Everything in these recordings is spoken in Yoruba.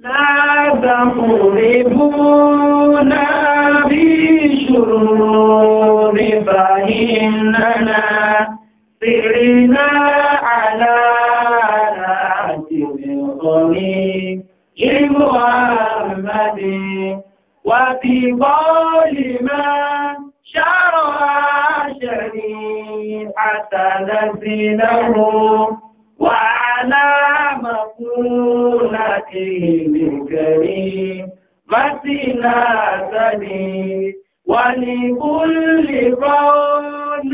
لا تقربونا بشرور فإننا سرنا على ناتي لمحمد وبقول ما شرع شريعة نزله وعلى مقولتي بكريم متناسني ولكل قول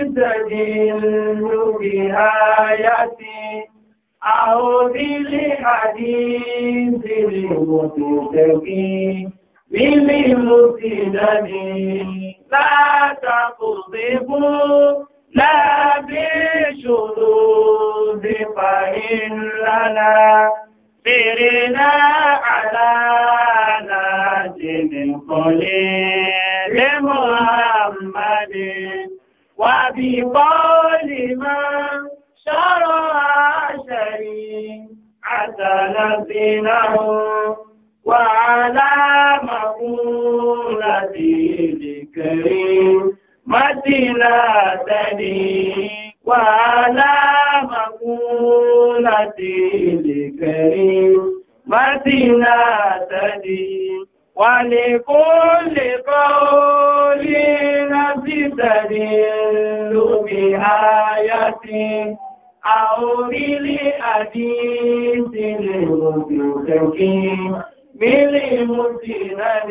تدل بآيتي أو بالحديث المتقي بالمسند لا تقضبوا láàbí ṣòro bí fàyí ńlára fèrè náà àdáàlá jìnnì kọ́lé lẹ́mọ̀ àmàlè wà bí bọ́ọ̀lì máa ṣọ́rọ̀ àṣẹ̀rí àtàlàbínáwó wà aláàmàkúnlá dìde kẹrin. مدينتني وعلى مقولتي لكريم مدينتني ولكل قول نستدل بآية أو بالحديث المتكي بالمسند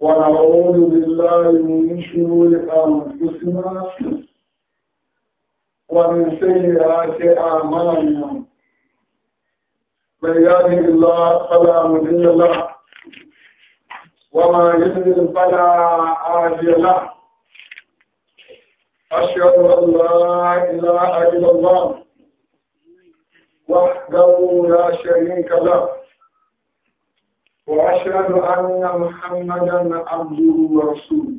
ونعوذ بالله من شرور أنفسنا ومن سيئات أعمالنا من يهده الله فلا مضل له وما يضلل فلا هادي له أشهد أن لا إله إلا الله وحده لا شريك له وأشهد أن محمدا عبده ورسوله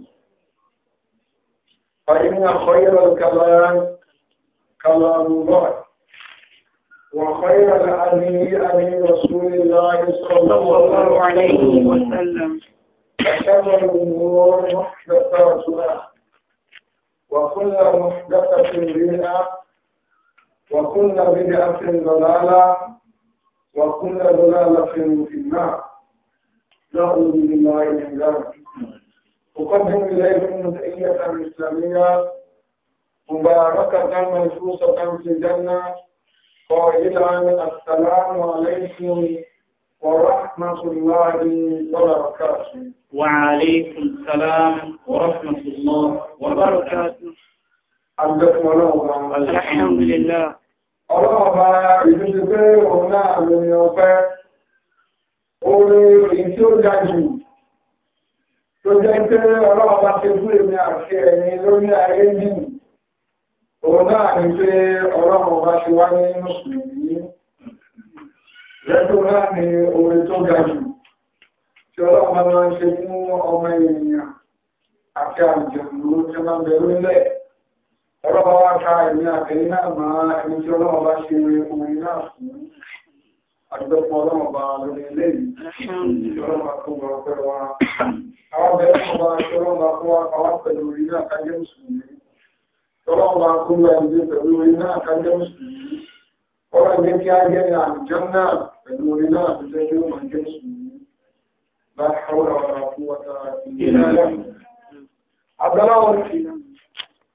فإن خير الكلام كلام الله وخير الهدي هدي رسول الله صلى الله عليه وسلم وشر الأمور محدثاتها وكل محدثة بدعة وكل بدعة ضلالة وكل ضلالة في النار لا أعوذ بالله من ذلك أقدم إليكم تحية إسلامية مباركة منصوصة في الجنة قائلا السلام عليكم ورحمة الله وبركاته وعليكم السلام ورحمة الله وبركاته عبدكم الحمد لله الله يجزيكم نعم يوفق orin èyí tí ó ga jù tó jẹ́ pé ọlọ́run bá ṣe fún èmi àti ẹ̀yin lórí ayé nìyí òun náà ni pé ọlọ́run ṣe wá ní mùsùlùmí náà ni orin tó ga jù tí ọlọ́run bá máa ń ṣe fún ọmọ ènìyàn àti àjẹ̀mú tí máa ń bẹ̀rù àdúgbò ọlọ́run ọba lórí ilé yìí ọlọ́run bá tó wọn pẹ̀lú wa àwọn bẹ̀rẹ̀ ọba ọlọ́run bá tó wa pàwọ́ pẹ̀lú orí náà kájẹ́ mùsùlùmí ọlọ́run bá tó wa ìdí pẹ̀lú orí náà kájẹ́ mùsùlùmí ọlọ́run jẹ́ kí á jẹ́ ní àlùjọ náà pẹ̀lú orí náà tó jẹ́ kí ó máa jẹ́ mùsùlùmí bá ṣàwọ́ra ọ̀rọ̀ fún wata ìlú náà. àbẹ̀lá wọn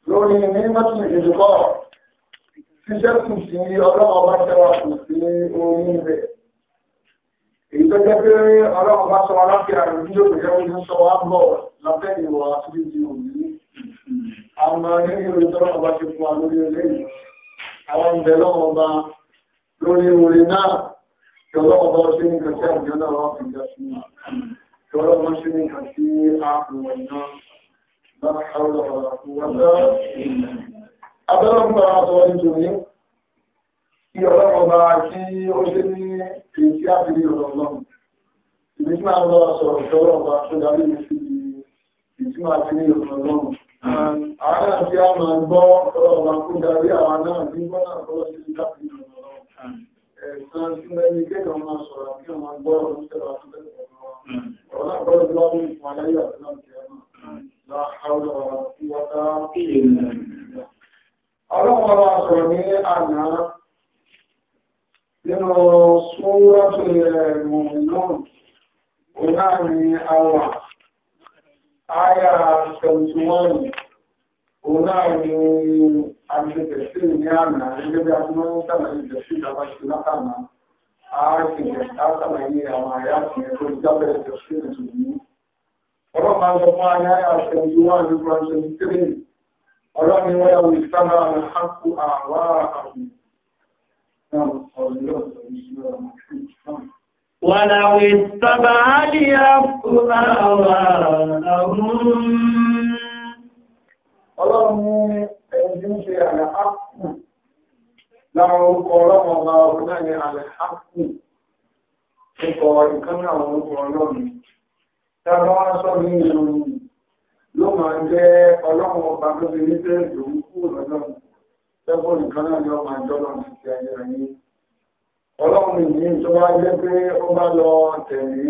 lórí mímọ́tò ìdìbò ṣíṣẹ́ kù sí ọlọ́wọ́ bá tẹ́wà kù sí oorun rẹ̀. èyí tó jẹ́ pé ọlọ́wọ́ bá sọ aláfíà rẹ̀ ní yóò jẹ́ ojú sọ wá bọ̀ lábẹ́ ìwọ̀ àti ìdí òní. àwọn ẹgbẹ́ ìròyìn tó lọ́wọ́ bá ti fún wa lórí eléyìí. àwọn ń bẹ lọ́wọ́ bá lórí orin náà kí ọlọ́wọ́ bá ṣe ní kàtí àjọ náà wá fi já sí wọn. kí ọlọ́wọ́ bá ṣe ní kàtí àpò ìná. لا حول ولا قوة إلا abẹ́lọ́gbà ọ̀sọ̀ nítorí kí ọlọ́pọ̀ọba kí ó ṣe ní èyí àbílí ọ̀rọ̀ náà ìbí tí máa lọ sọ̀rọ̀ ìṣọ́lọ́pàá tó darí mi sí ìtí máa ti ní ọ̀rọ̀ náà àwọn náà tí a máa gbọ́ ọlọ́pàá kó darí àwọn náà ní gbọ́nà ọ̀rọ̀ sí ìdábìlì ọ̀rọ̀ náà ẹ̀sán tí mẹ́rin kéèkàn máa sọ̀rọ̀ kí wọ́n máa gbọ́ ọ̀rọ̀ sí ọ̀rọ̀ náà ọ̀rọ̀ náà ọlọ́run ọba sọ ní àná nínú súnwọ́tò ẹ̀rùn náà òun náà ní àwà àyà 71 òun náà ní àgbẹ̀tẹ̀sí ní àná níbi àtúmọ̀ sàlàyé ìjọsí ìjọba ṣe látàná ààkìlẹ̀ látàlàyé àwọn àyà tí ẹ tó jábẹ̀ ìjọsí ìjọsí ọlọ́run máa ń sọ fún àyà 71 nípa 23 ọlọ́ni wọ́n yà wọ́n ìsámà àwọn hákù àwọn àwọn ولو اتبع ليفكر أهواءهم Ọlọ́run ẹni ń ṣe àlẹ́hàkù láwọn orúkọ ọlọ́run ọba ọdún náà ni àlẹ́hàkù ẹkọ̀ ìkánná àwọn orúkọ ọlọ́run. Tẹ́lọ́wọ́n sọ ní ìròyìn ló máa ń jẹ́ ọlọ́run ọba tó fi ní tẹ́lẹ̀ tó ń kú lọ́dọ̀ọ̀nù tẹ́fọ́n nìkan náà ni ọmọ ìjọba ti fi ayé ayé ọlọ́run ìní tó wá jẹ́ pé ó bá lọ tẹ̀lé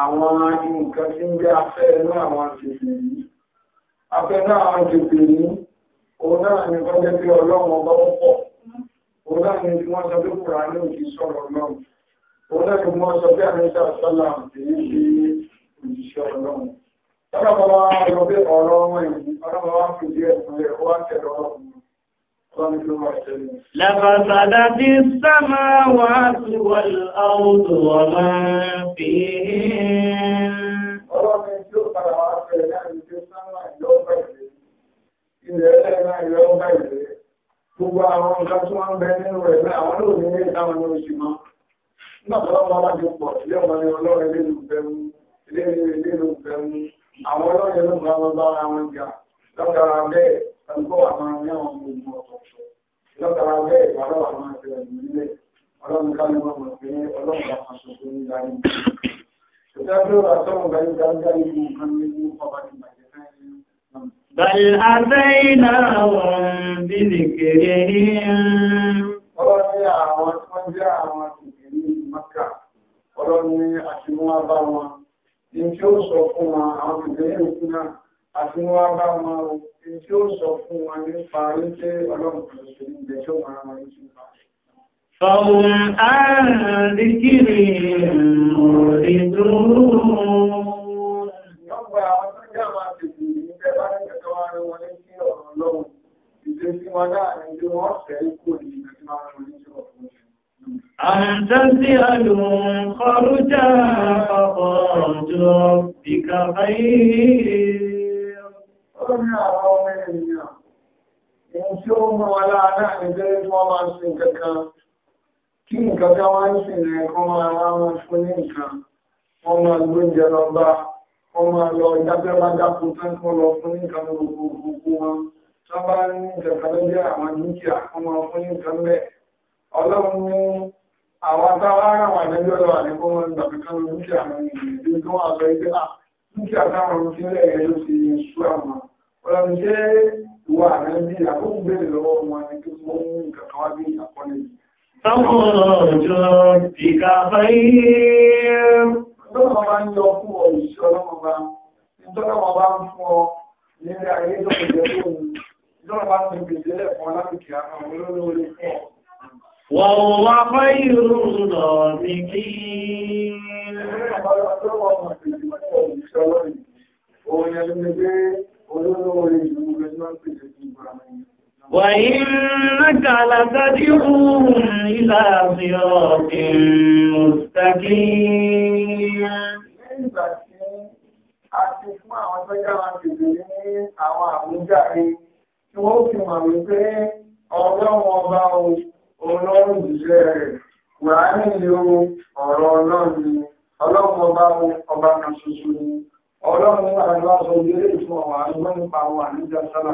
àwọn nǹkan tí ń jẹ́ afẹ́ inú àwọn tètè yìí afẹ́ náà àwọn tètè yìí òun náà ni wọ́n jẹ́ pé ọlọ́run ọba ó pọ̀ òun náà ni wọ́n sọ pé kùrà ní òkè sọ̀rọ̀ náà òun náà ni wọ́n sọ pé àmì Ọlọ́pàá wá lọ bí ọ̀rọ̀ wọn لفسدت السماوات والأرض وما فيهن àwọn ọlọ́yẹ̀ ló máa wọ́n bá ara wọn jà lọ́kàrà bẹ́ẹ̀ ẹgbọ́ àwọn mẹ́wọ̀n gbogbo ọ̀tọ̀ọ̀tọ̀ lọ́kàrà bẹ́ẹ̀ ìpàdọ́ àwọn àgbẹ̀rẹ̀ nílẹ̀ ọlọ́run ká ní wọ́n mọ̀ pé ọlọ́run bá kan ṣoṣo ní ìdarí mi. ìdájọ́ àtọ́wọ̀n bá yíká ń dárí mú nǹkan ní mú ọba ní àwọn tí wọ́n jẹ́ Mọ́kà ọlọ́run ní àṣìwọ́n bá ní tí ó sọ fún wa àwọn ìgbéyẹ̀ òkú náà àti wọ́n bá wọn o ní tí ó sọ fún wa nípa wípé ọlọ́run kò sí ìgbẹ́ tí ó máa wọn ní sípa. Fọ̀hùn àndìkìrì òdìdúró. Ìyọ́gbà àwọn tó jẹ́ àwọn àtìkù nígbẹ́ bá ní kẹta wá rí wọn ní sí ọ̀rọ̀ ọlọ́run. Ìdésí wọn náà ni bí wọ́n fẹ́ kò ní ìgbẹ́ tí wọ́n rí wọn ní sí ọ̀rọ̀ أن تسألهم خرجا فخرج ربك خير ọlọ́run àwọn ọmọ ènìyàn èyí tí ó mọ́ aláàdá ìgbẹ́rẹ́ tí wọ́n máa sin kankan kí nǹkankan wá ń sin ẹ̀kọ́ máa wá wọn fún ní nǹkan wọ́n máa gbóúnjẹ lọ bá wọ́n máa lọ dábẹ́ bá dákun tán kọ́ lọ fún ní nǹkan gbogbo gbogbo wọn tó bá ní nǹkan kan lọ́jọ́ àwọn dúkìá wọ́n máa fún ní nǹkan bẹ́ẹ̀ ọlọ́run àwọn táwárà wà ní kó wà ní fún ọ ìṣọ́ ń fún ọ nílé ayé tó kò jẹ́ fún mi. Lọ́wọ́ bá ń fi gbèsè lẹ̀ fún ọ وهو خير الرازقين وإنك لتدعوهم إلى صراط مستقيم Àti fún àwọn tó yára tètè ní àwọn tí wọ́n fi mọ̀ wípé ọlọ́run ọba olóhùn ìṣẹ́ rẹ̀ kùránì ni ó ọ̀rọ̀ ọlọ́run ni ọlọ́run ọba ọba kan ṣoṣo ni ọlọ́run àgbà sọ ìdílé ìfún ọ̀wà àgbà nípa àwọn àníjà sálà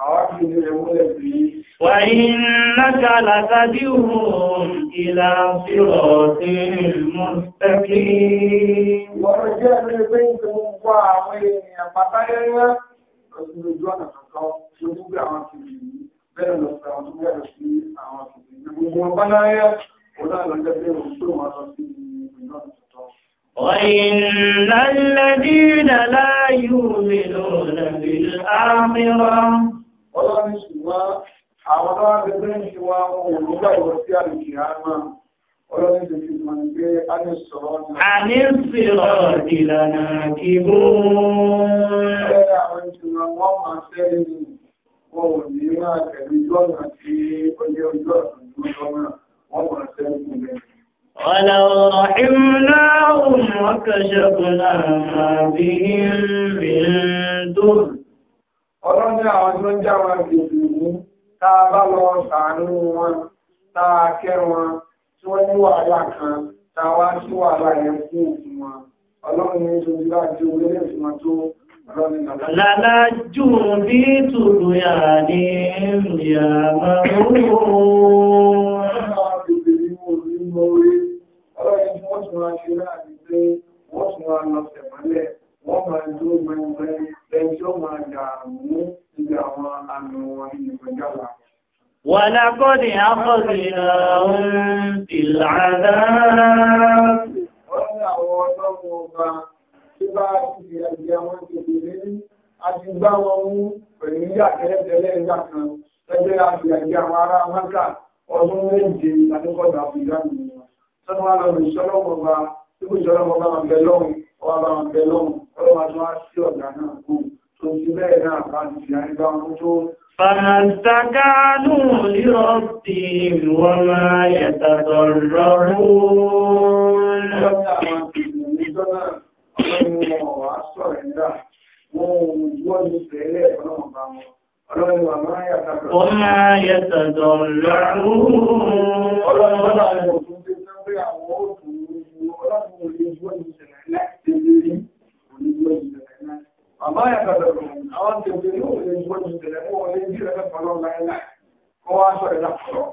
àwọn akéde rẹ̀ múlẹ̀ sí i. wà innaka latad'uhum ila siratin mustaqim. wọ́n jẹ́ pé pé ń tó ń kọ́ àwọn èèyàn pátá yẹ́yẹ́ lójú ọ̀nà kankan lójú bí àwọn kìlì bẹ́ẹ̀ lọ sí àwọn tó وإن الذين لا يؤمنون بالآخرة Ọlọ́run ṣùgbọ́n àwọn ọlọ́run àgbẹ̀gbẹ̀ ń ṣe wá ohun nígbàgbọ́ sí àlùkì àmà ọlọ́run ṣe fi mọ̀ pé a ní wọn ò ní máa tẹ̀lé jọ́nà tí ó ní ojú àtúntò sọ́nà wọ́n máa sẹ́kù rẹ̀. ولو رحمناهم وكشفنا ما بهم من ضر ọlọ́dún àwọn tó ń já wọn gbèsè ní tá a bá lọ sàánú wọn tá a kẹ́ wọn tí wọ́n ní wàhálà kan tá a wá sí wàhálà yẹn fún òfin wọn ọlọ́run ní ìṣòwò láti orílẹ̀-èdè wọn tó Lálá jù bí tùlù yà ní ìyà máa ń rò Wọ́n tún wá ṣe láàrin pé wọ́n tún wá lọ wọ́n máa dúró gbẹngbẹ́ lẹ́yìn tó àwọn àmì wọn ní tí bá ti ẹ̀jẹ̀ wọn kékeré ní àti gbá wọn mú pẹ̀lú yíyà tẹ́lẹ̀tẹ́lẹ̀ nígbà kan lẹ́gbẹ́ àti ẹ̀jẹ̀ àwọn ará mọ́kà ọdún méje àdúgbòdà àbújá nìyẹn sọ́nà wà lọ́rùn ìṣọ́lọ́wọ́ bá tí kò ìṣọ́lọ́wọ́ bá wọn bẹ lọ́rùn ọwọ́ bá wọn bẹ lọ́rùn لربهم وما يتضررون ọlọ́run wọn wà sọ̀rọ̀ nígbà wọn ò gbọ́ ní tẹ̀lé ọlọ́run bá wọn. Ọlọ́run wà máa yàtọ̀. Wọ́n máa yàtọ̀ lọ́rùn. Ọlọ́run wà máa yàtọ̀ fún tí ó pé àwọn òkú ọlọ́run ò lè gbọ́ ní ìṣẹ̀lẹ̀ láti rí òní gbọ́ ní ìṣẹ̀lẹ̀ náà. Àmọ́ yàtọ̀ lọ́rùn àwọn tèmi ní òun lè gbọ́ ní ìṣẹ̀lẹ̀ fún wọn lè jí ẹ̀fẹ́ pọ̀lọ́ láyé láì. Wọ́n wá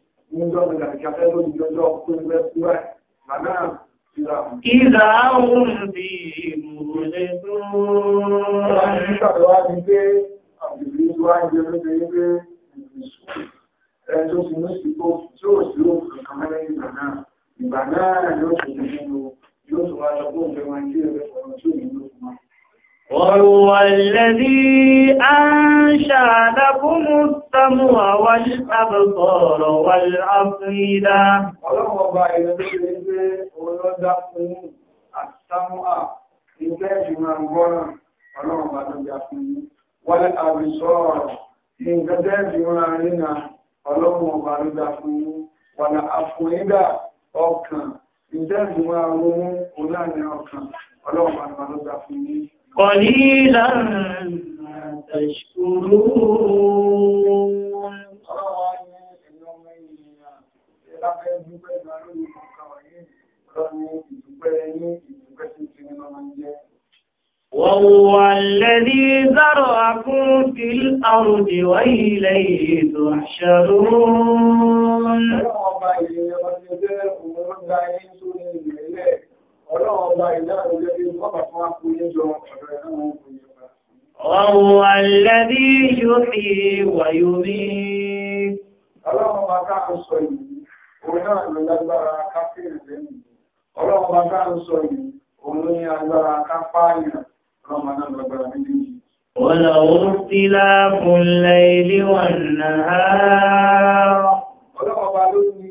níjọ́ ní àìkàfẹ́ lórí jọjọ́ tó ń bẹ́ di pé àbìbí tó wá jẹ lóde pé ẹjọ́ sí ní sípò tí ó sí ó kankan mẹ́rin ìgbà náà. Ìgbà náà yóò tún nínú yóò tún wá lọ bóun fẹ́ máa ń kí ẹgbẹ́ ọ̀rọ̀ tí ò ní lókun وهو الذي أنشأ لكم السمع والأبصار والأفئدة ọlọ́run ọba ìrẹ́lẹ́ ìrẹ́lẹ́ olódá fún àtàmúà ilé ìgbìmọ̀ gbọ́nà ọlọ́run ọba tó jà fún wọ́n àbìsọ́ọ̀rọ̀ nǹkan tẹ́ ìgbìmọ̀ rínà ọlọ́run ọba ló ọkàn ọlọ́run ọba ló jà fún قليلا ما تشكرون وهو الذي زرعكم في الأرض وإليه تحشرون وهو الذي يحيي ويميت Ọlọ́run bá ká ń sọ yìí, òun náà ló lágbára ká fèrè lẹ́yìn. Ọlọ́run bá ká ń sọ yìí, òun náà الليل والنهار. Ọlọ́run bá ló ní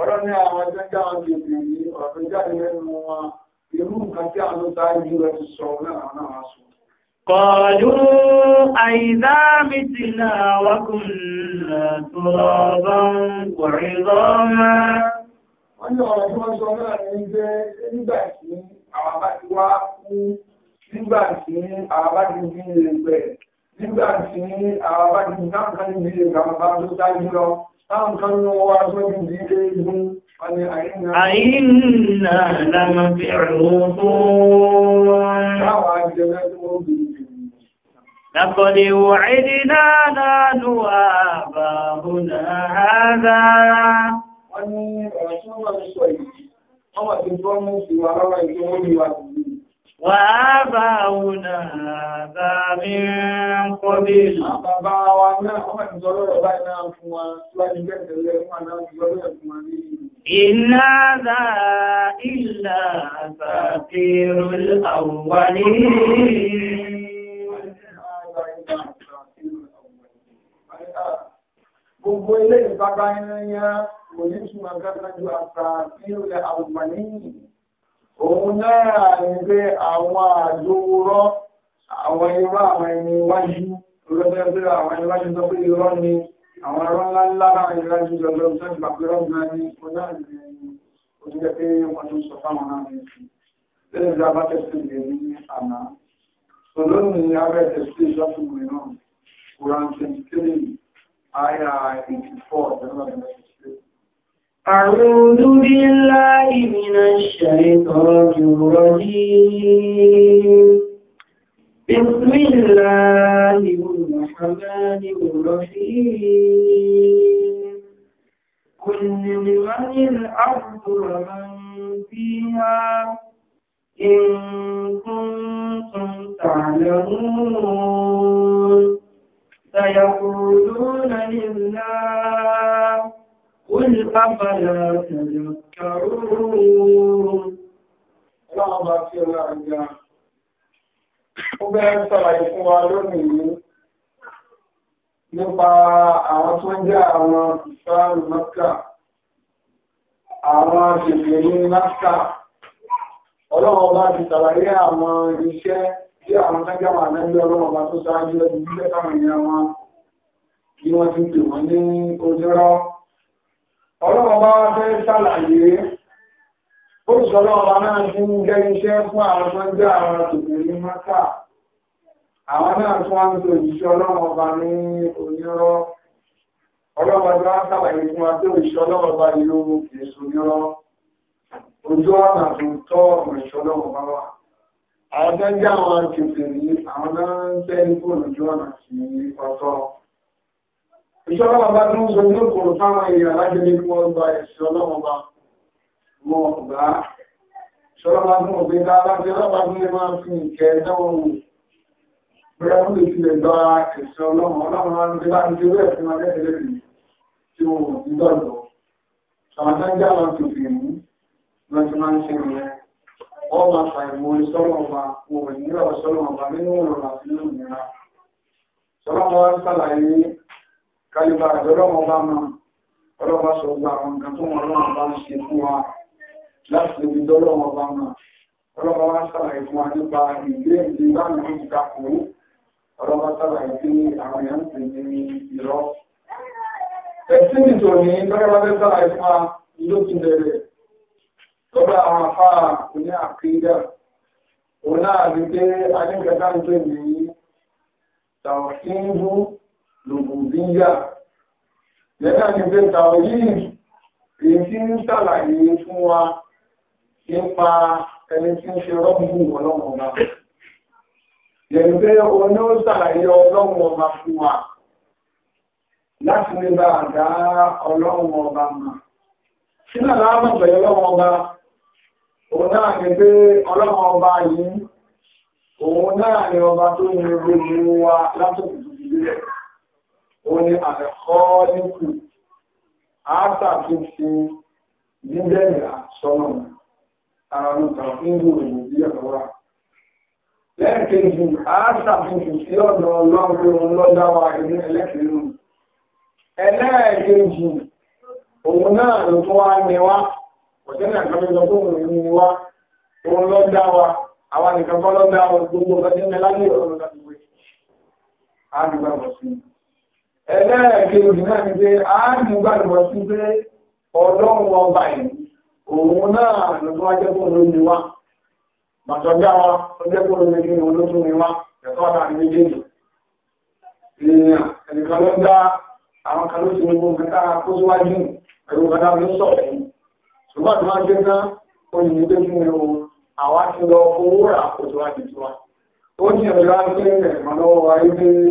ọlọ́ni àwọn ẹgbẹ́ jáwọn ti bèèrè ọ̀fẹ́ jáde lẹ́nu wọn irú nǹkan tí àwọn sáájú rẹ̀ ti sọ náà náà sọ. Kọ̀ọ̀lú àìdá mi ti náà wákùnlá tó nígbà tí àwọn bá ti dá kan ní ilé ìgbàmọ̀ bá tó dájú lọ táwọn kan ní wọ́n wá ní ilé ìlú Àyínà لقد وعدنا نحن وآباؤنا هذا wọ́n ní ọ̀rọ̀ tí wọ́n sọ yìí wọ́n wà tí وآباؤنا هذا من قبل. Bàbá wa náà wọ́n ti sọ̀rọ̀ ọ̀rọ̀ báyìí náà fún wa láti gbẹ̀tẹ̀lé wọn náà ti sọ̀rọ̀ ẹ̀ fún wa ní. إن هذا إلا أساطير الأولين. Gbogbo ilé ìbábá yẹn yẹn kò ní túmọ̀ gẹ́gẹ́ ju àṣà tí ó lẹ àwùmọ̀ níyìn. òun náà ní pé àwọn àjòwúrọ́ àwọn irọ́ àwọn ẹni iwájú olóògbé àwọn ẹni iwájú sọ pé irọ́ ni àwọn irọ́ ńlá ńlá láwọn ẹni iwájú lọ́dọ̀ tó ń gbà pé irọ́ ńlá ní ọjọ́ ìrìn a bá tẹ̀sí ìgbé ní àná أعوذ بالله من الشيطان الرجيم بسم الله الرحمن الرحيم كل من الأرض ومن فيها إن كنتم تعلمون سيقولون لله قل أفلا تذكرون Ọlọ́run bá fi ọlá àgbà. Ó bẹ́ẹ̀ sọ̀rọ̀ fún wa lónìí nípa àwọn tó ń jẹ́ àwọn ìfẹ́ràn Mọ́kà, àwọn ṣèṣe ní Mọ́kà. Ọlọ́run bá ti ṣàlàyé àwọn iṣẹ́ tí àwọn tẹ́jọ́ wà lẹ́gbẹ́ ọlọ́run bá tó ṣáájú ẹni nígbẹ́ táwọn ènìyàn wọn bí wọ́n ti pè wọ́n ní ojúrọ́ ọlọ́wọ́ bá wá fẹ́ ṣàlàyé ó sọ lọ́wọ́ náà ti ń jẹ́ iṣẹ́ fún àwọn tó ń jẹ́ àwọn tòkè ní mọ́tà àwọn náà tún wá ń lo ìṣẹ́ ọlọ́wọ́ bá ní onírọ́ ọlọ́wọ́ bá ṣàlàyé fún wa pé ìṣẹ́ ọlọ́wọ́ bá yóò èso onírọ́ ojú ọ̀nà tó tọ́ ọ̀nà ìṣẹ́ ọlọ́wọ́ bá wà àwọn tó ń jẹ́ àwọn tòkè ní àwọn náà ń tẹ́ ní fóònù ojú ọ̀nà sí ìjọba bàbá tó ń sọ ní òkòrò fáwọn èèyàn láti lè mú ọgbà ẹ̀sìn ọlọ́wọ́ bá mọ ọ̀gá ṣọlọ́wọ́ fún òbí dáadáa tí ọlọ́wọ́ fún lè máa fi ìkẹ́ ẹ̀dọ́wọ́ wù bóyá fún lè tilẹ̀ gba ẹ̀sìn ọlọ́wọ́ ọlọ́wọ́ máa ń gbé láti ti rẹ̀ fún alẹ́ tẹ́lẹ̀ mi tí mo mọ̀ sí gbọ́dọ̀ ṣàmàtàjà wọn tó fi mú wọn ti máa ń ṣe ìyẹn wọ́n máa ṣàìmọ̀ ìṣọ́lọ́wọ́ wọn ò ní kálíbà àjọlọ́wọ́ bá mọ́ ọlọ́wọ́ sọ gba àwọn nǹkan tó wọn lọ́wọ́ bá ń ṣe fún wa láti lè fi dọ́lọ́wọ́ bá mọ́ ọlọ́wọ́ wá sàlàyé fún wa nípa ìgbé ìdí báwọn ọmọ ti takò ọlọ́wọ́ sàlàyé pé àwọn èèyàn ń pè ní irọ́. ẹ̀sìn nìtòní lọ́wọ́ bá sàlàyé fún wa àwọn afárá kò ní àkídà òun náà rí pé adéǹkẹ́ta ń pè ní tàwọn lòbòdíyà lẹ́nà ní bẹ́ta yìí èyí tí ń sàlàyé fún wa nípa ẹni tí ń ṣe rọ́gbù ọlọ́run ọba yẹ̀rù pé oní ó sàlàyé ọlọ́run ọba fún wa láti lè bá àdá ọlọ́run ọba mà sílẹ̀ láàmú pẹ̀lú ọlọ́run ọba òun náà ní pé ọlọ́run yìí òun náà ní ọba tó ní gbogbo wa látòkùtù sílẹ̀ ó ní àlẹ́kọ́ọ́lìkù àtàkìtì dídẹ́yà sọ́nà àrùn tàbílù ìrìnàjí àwọ́ra. lẹ́ẹ̀kejì àtàkìtì sí ọ̀dọ̀ ọlọ́run lọ́dáwà ilé ẹlẹ́kìnrin ẹlẹ́ẹ̀kejì òun náà ló tó wá ní wá ọ̀tẹ́lẹ̀ àkọ́lẹ́jọ tó wù ní wá òun lọ́dáwà àwọn nìkan kọ́ lọ́dáwà gbogbo ọ̀tẹ́lẹ̀ láyé ọ̀rọ̀ Ebee olùmọ̀ ní pé a mú gbàgbọ́ sí pé ọlọ́run ọba yìí òun náà ló tó wájẹ́ fún olómi wa wa tó jẹ́ fún kí ni olótún mi wa ẹ̀kọ́ ọ̀la ní méjèèjì èèyàn ló ń gbogbo ká kó síwájú kan náà ló sọ̀ ṣùgbọ́n tó máa ń gbé o àwa ti lọ owó rà kó tiwa ó ní ẹ̀rọ ẹ̀rọ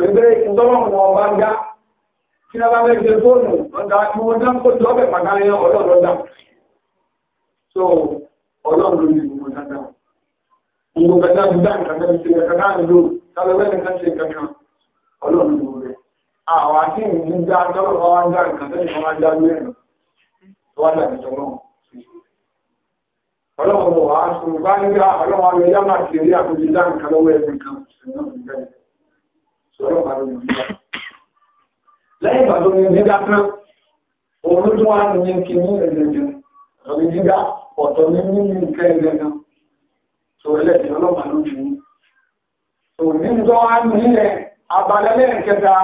Ṣèpé ìtọ́lọ́mù ọba ń dá, kí ní a bá fẹ́ ṣe fóònù, ọ̀dà tí wọ́n dá ń kó tí ọbẹ̀ pàtàkì ọlọ́run dá. So, ọlọ́run ló ní gbogbo dáadáa. Gbogbo kẹta ti dá nǹkan tẹ́lẹ̀ ṣe kẹta náà nílò, tàbí wẹ́n nǹkan ṣe kankan, ọlọ́run ló rẹ̀. Àwọn àti ìrìn dá tọ́lọ́mù ọba ń dá nǹkan tẹ́lẹ̀ ń dá lórí ẹ̀rọ. dà Ọlọ́run wọ̀ á sùn bá ń gbá ọlọ́run àwọn ẹ̀yà máa ṣe àkójọ dá nǹkan lọ́wọ́ ẹ̀sìn kan, ṣùgbọ́n ìgbẹ́ sọ̀rọ̀ ìgbà. lẹ́yìn ní ìgbà kan òun tó wà ní kí ní ẹ̀ẹ́dẹ̀dẹ̀ ọ̀rọ̀ ìgbà ọ̀tọ̀ ní nínú nǹkan ẹ̀ẹ́dẹ̀dẹ̀ sọ̀rọ̀ ẹlẹ́dẹ̀ ọlọ́pàá ló jù ú. sọ̀rọ̀ nínú tó wà nílẹ̀ abalẹ́lẹ́ kẹta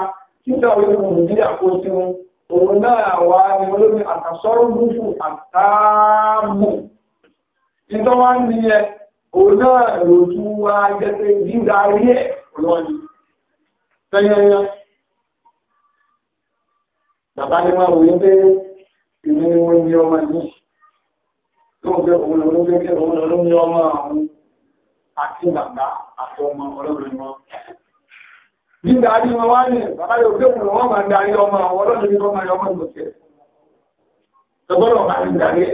títà orí nàìjíríà kó sí wọn òun náà wà ní olómi tẹ́yẹ́yẹ́. Bàbá ni wọ́n wòye pé ìní wọn ní ọmọ ní. Tó ń gbé òun lòun gbé kí òun lòun ní ọmọ àwọn àti bàbá àti ọmọ ọlọ́run wọn. Nígbà tí wọ́n wá ní bàbá yóò gbé òun lòun máa darí ọmọ àwọn ọlọ́run ní máa yọ ìgbòkè. Tọ́gbọ́dọ̀ máa ń darí ẹ̀.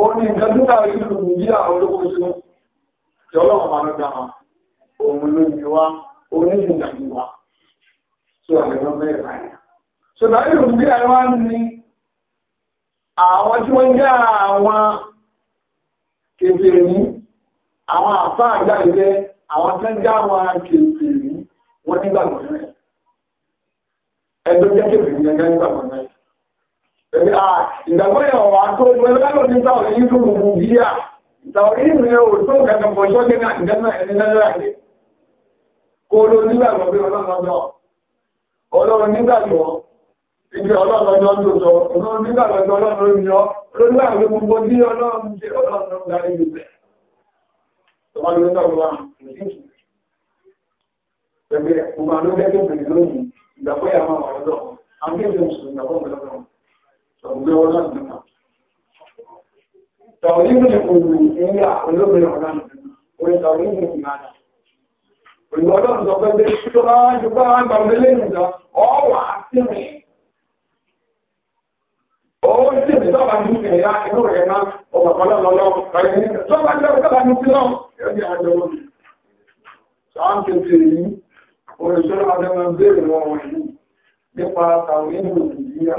onu ni nǹkan tó dáa ìlú nìyíra olókùn sí jọlọ́wọ́ máa ń dá wọn òun ló ní wá òun ní ìgbà ní wá tó àgbẹ̀rún mẹ́rin báyìí ṣùgbọ́n ìlú nìyíra wá ní àwọn tí wọ́n jẹ́ àwọn kèfèrí àwọn àfá àgbàgbẹ́ àwọn tí wọ́n jẹ́ àwọn náà ìgbàgbọ́ yẹn wà tó gbé lọ́dọ̀ ní táwọn èyí tó rùgbù bíyà táwọn èyí ní kó tó sọ ọlọ́run nígbàgbọ́ ọlọ́run ló ń tọ́wọ́ lónìí ìgbàgbọ́ yà máa wà lọ́dọ̀ àwọn kéde mùsùlùmí ìgbàgbọ́ ọ̀gbẹ́ wọn ìyá olóbìnrin ọ̀rá orí tọ̀wọ̀ nínú ìgbàdà. Òyìnbó ọlọ́run sọ pé bí tó bá wá ju bá wá gbàgbé lẹ́nu lọ, ọ wà á Ó sì mi tọ́ba ní ìrìn á inú rẹ̀ máa ọmọ lọ́lọ́ rẹ̀ ní tọ́ba ní ọjọ́ bá ní sílọ̀ ẹbí àjọ Sọ́n tètè yìí, orin tó lọ́wọ́ bẹ́ẹ̀ máa wọn wọ̀nyí nípa tàwọn ìlú ìyá.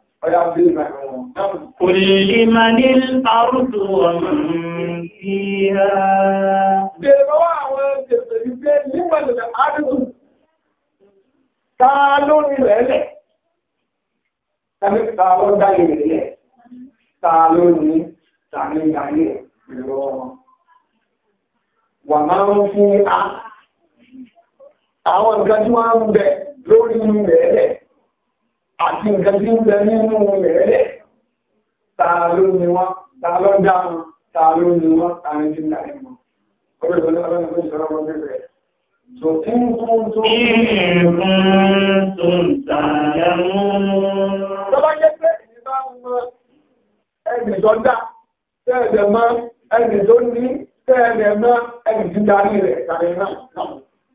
قل لمن الأرض ومن فيها Ta ló ní lẹ́lẹ̀? Ta ló dá ìrẹ̀lẹ̀? Ta ló ní tàbí ayé ìlú àwọn ìgbájú ń bẹ lórí ìrẹ̀lẹ̀ àti nǹkan tí ń bẹ nínú ẹ̀rẹ́ ta ni wọ́n ta ló dá ni wọ́n ta ti dàrí wọn. Ọ̀rọ̀ ìgbà náà lọ́nà fún ìṣòro ọmọ bẹ̀rẹ̀. Tòkún tó ń tó ń tó ń tààyà mú. Tọ́lá jẹ́ pé ìdí bá ń mọ ẹnì tó dá, tẹ́ẹ̀dẹ̀ mọ́ ẹnì tó ní,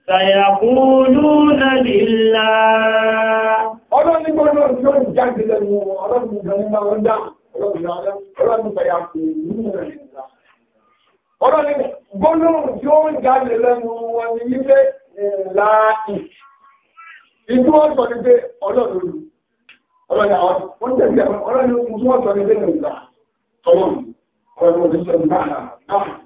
Sàyàkúlúnà lílá. Ọlọ́run ní gbọ́dọ̀ tí ó jáde lẹ́nu ọlọ́run ní máa ń dá ọlọ́run sàyàkúlúnà lílá. Ọlọ́run ní gbọ́dọ̀ tí ó jáde lẹ́nu wọn ní ọlọ́run ní wọ́n sọ ní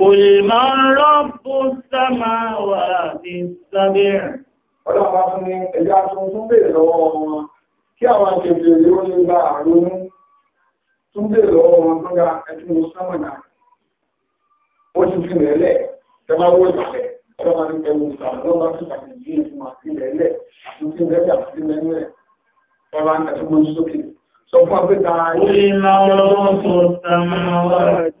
قل من رب السماوات السبع Ọlọ́pàá fún ní ẹjá tuntun bèèrè lọ́wọ́ wọn kí àwọn àjẹ̀bẹ̀ yóò lè gba àrónú tún bèèrè lọ́wọ́ wọn tó ga ẹtún ló sámọ̀nà. Ó ti fi lẹ́lẹ̀, ẹgbà owó ìpàdé, ọlọ́pàá ní ẹgbù ìsàmọ̀ lọ́pàá ti pàdé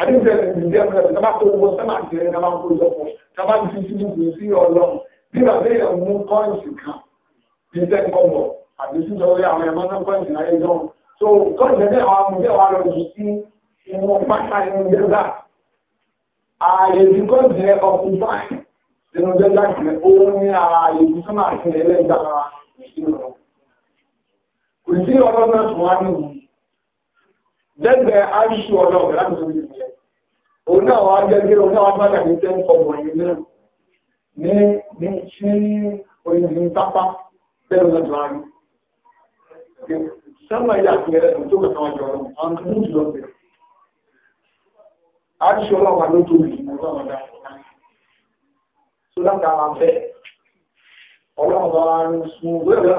àdìsẹ́ ìdílé ọ̀rẹ́ tí a bá kó owó sẹ́mà jẹ́ ní a máa kó lọ fún tí a bá fi sí ìlú sí ọlọ́run bí bàbá èèyàn mú kọ́ìnsì kan bí tẹ́ nǹkan bọ̀ àbí sí ìjọba àwọn ẹ̀mọ́ náà kọ́ìnsì láyé jọ so kọ́ìnsì ẹ̀dẹ́ àwọn amúgbé wa lọ jù sí inú pátá inú jẹ́gbà ààyè tí kọ́ìnsì ẹ̀ ọkùn fáìn inú jẹ́gbà kìlẹ̀ ó ní ààyè tí sẹ́mà sí ẹlẹ́gbà kò sí ọlọ́run náà tún wá nìyí lẹ́gbẹ̀ẹ́ àìsù ọlọ́run láti sọ òun náà wá gẹ́gẹ́ òun náà wá bá dàbí tẹ́ ń kọ wọ̀nyí náà ní ní ṣí oyin pápá bẹ́ẹ̀ lọ jọ ayé sẹ́mọ̀ ìyá àti ẹ̀rẹ́ tó kẹta wọn jọ ọ̀rọ̀ àwọn tó ń jùlọ bẹ̀rẹ̀ a ti ṣe ọlọ́wà lójú ìgbìmọ̀ ọlọ́wà dáadáa tó látara bẹ́ẹ̀ ọlọ́wà ń sun wẹ́ẹ̀rẹ́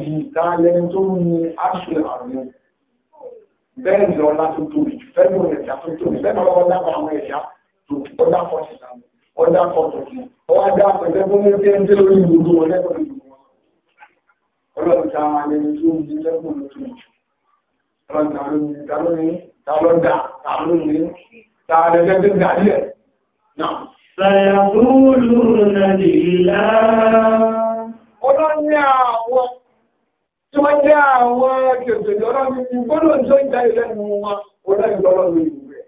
yìí ká lẹ́ni tó ń ní aṣọ àrùn bẹ́ẹ̀ ni ọlá tó tóbi bẹ́ẹ̀ ni ẹ̀yà tó tóbi bẹ́ẹ̀ ni ọlá bá àwọn ẹ̀yà tó ọlá fọ́ọ̀tì sàmì ọlá fọ́ọ̀tì ọwọ́ adá pẹ̀lẹ́ bó ní ẹgbẹ́ ń dé lórí ìlú wọn lẹ́gbọ̀n ìlú wọn ọlọ́run ta àwọn ẹni tó ń di lẹ́gbọ̀n ló tóbi jù ọlọ́run ta ló ní ta ló ní ta ló dá ta ló ní ta lẹ́gbẹ́ tó dá ilẹ̀ náà. sàyàwó lóòrùn náà lè lá. ọlọ́run ní àwọn tí wọ́n jẹ́ àwọn kèfèrí ọlọ́run ní gbọ́dọ̀ tó ń jáde lẹ́nu wọn ọlọ́run lọ́rọ̀ lórí rẹ̀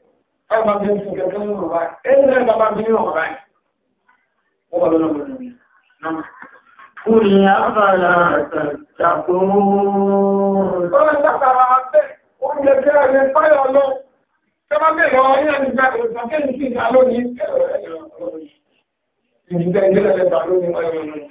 ẹ máa fi fún kẹ̀kẹ́ nínú ọ̀rọ̀ báyìí ẹni náà bàbá fi nínú ọ̀rọ̀ báyìí wọ́n wà lọ́nà lórí mi. Kùnì àbàlà àtàkùn. Ọlọ́run dákàrà abẹ́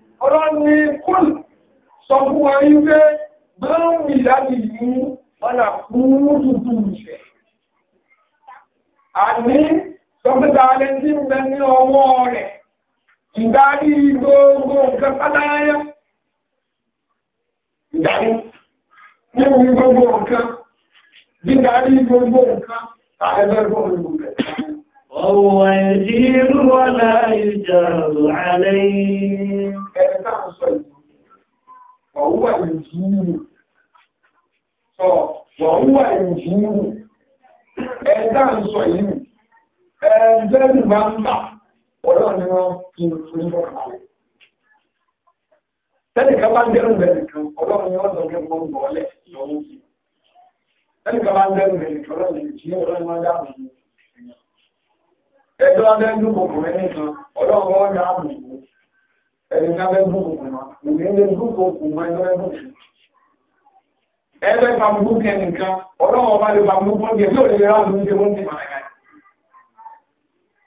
ọ̀rọ̀ ni kúl sọ fún wa yí pé gbọ́n ìlànà ìlú ọ̀nà fún tuntun ìṣẹ̀. Àní sọ́kítà alẹ́ tí ń bẹ ní ọwọ́ rẹ̀ ìdarí gbogbo nǹkan pátáyá. Ìdarí nínú gbogbo nǹkan, dídarí gbogbo nǹkan, àìlẹ́gbọ̀n ìlú rẹ̀. وهو يجير ولا يجار عليه وهو يجير وهو يجير ẹ̀dá ń sọ yìí ẹ̀ẹ́dẹ́ ní bá ń bà ọ̀rọ̀ ni wọ́n fi ní ọ̀pá rẹ̀ tẹ́lẹ̀ká bá ń dẹ́rù bẹ̀rẹ̀ kan ọ̀rọ̀ ni wọ́n ń bọ̀ ẹjọ́ abẹ́ dúkùnkùnrin nìkan ọlọ́run wọn dá àmì ìwò ẹni tí abẹ́ dúkùnkùnrin wọn òní ilé ndi wọn ẹjọ́ dúkùnkùn. ẹgbẹ́ pàmùkù kẹ nìkan ọlọ́run ọba lè pàmùkù fún ọjọ́ tí ò lè rà ní oúnjẹ wọn ti màlàkà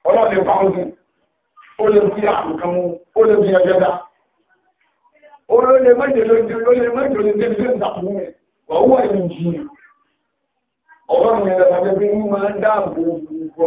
ọlọ́run lè pa ó lè fi àmùkan mu ó lè fi ẹjọ́ dá ó lè mẹ́jọ ó lè mẹ́jọ ń wà ó wà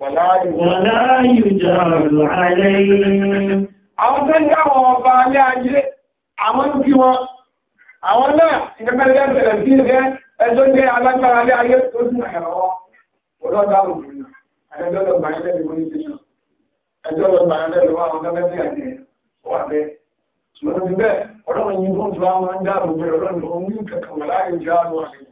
Wàlá yùjọ ọ̀rọ̀ alẹ́ yìí. Àwọn tó ń dáwọn ọba alẹ́ ajé, àwọn ń kí wọn, àwọn náà ìgbẹ́gbẹ́lẹ́ bẹ̀rẹ̀ sí ẹgbẹ́ ẹjọ́ jẹ́ alágbára alẹ́ ayé tó sì ẹ̀rọ ọlọ́dá òun. Ẹjọ́ lọ gbà ẹgbẹ́ ìwọ̀n ní ṣe. Ẹjọ́ lọ gbà ẹgbẹ́ ìwọ̀n àwọn ọ̀gá mẹ́fẹ́ àti wà bẹ́ẹ̀. Ṣùgbọ́n ti bẹ́ẹ̀, ọlọ́run yìí fún ti wá wọn ń dáàbò bẹ̀rẹ̀ ọlọ́run òun ní kẹ̀kẹ̀ láàrin ìjà àwọn àlejò.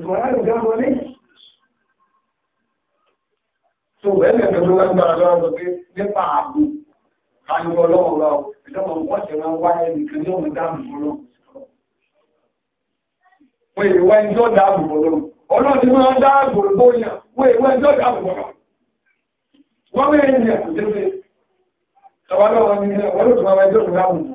Ìkọ̀rán ìgbà wọlé. So, ẹ̀lẹ̀ tó lágbára lọ́wọ́ pé nípa àbò, kàlùkọ lọ́wọ́ lọ́wọ́, ìjọba wọ́n ti máa wá ẹnìkan ní ọmọ dáàbò lọ́wọ́. Wọ́n ìwẹ́ ìjọ dáàbò lọ́wọ́. Ọlọ́run ti máa dáàbò lọ́yàn, wọ́n ìwẹ́ ìjọ dáàbò lọ́wọ́. Wọ́n mẹ́rin ni ẹ̀kùn tó fẹ́. Tọ́wọ́ lọ́wọ́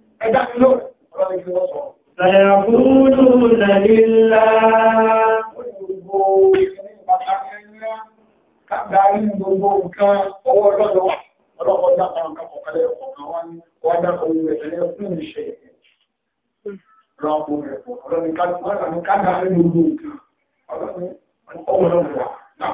ẹ̀dá mi lóòrùn ọlọ́run ni wọ́n sọ. Sàyàfúrúnà nílá. Gbogbo ìpàtà ẹ̀yà kàgbárí gbogbo nǹkan ọwọ́ lọ́dọ̀ ọlọ́pọ̀ dápàá nǹkan kọ̀kọ̀lẹ̀ ọ̀kọ̀kan wá ní wọ́n dápàá ohun ẹ̀fẹ̀lẹ́ fún ìṣẹ̀ Ọlọ́run rẹ̀ ọlọ́run ká gbárí gbogbo nǹkan ọlọ́run ọwọ́ lọ́dọ̀ wà náà.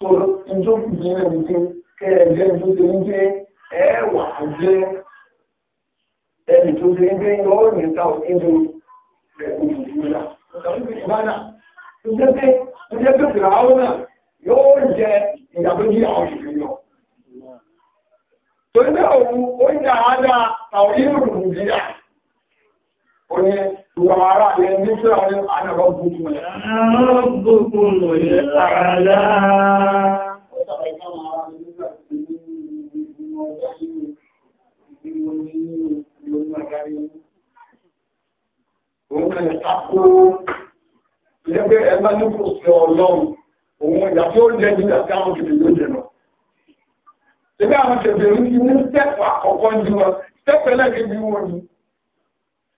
so ìjọ kùjì ní pé kẹ́ẹ̀jẹ́ tó ń gbé ẹ̀wà jẹ́ ẹni tó ṣe ń gbé yóò ní ta ìjọ rẹ̀ Torí bẹ́ òun ó ń dáadáa àwọn ìrùn ìjìyà. Oye, Òun ẹ̀tàkó lẹ́gbẹ́ ẹgbẹ́ ní kò sí ọlọ́run, òun ìyà ó jẹ́ jíjà tí àwọn kìí ló jẹ lọ. Ṣébí àwọn kẹfẹ̀ẹ́ ní kí ní stẹ́pù àkọ́kọ́ jí wọn, stẹ́pù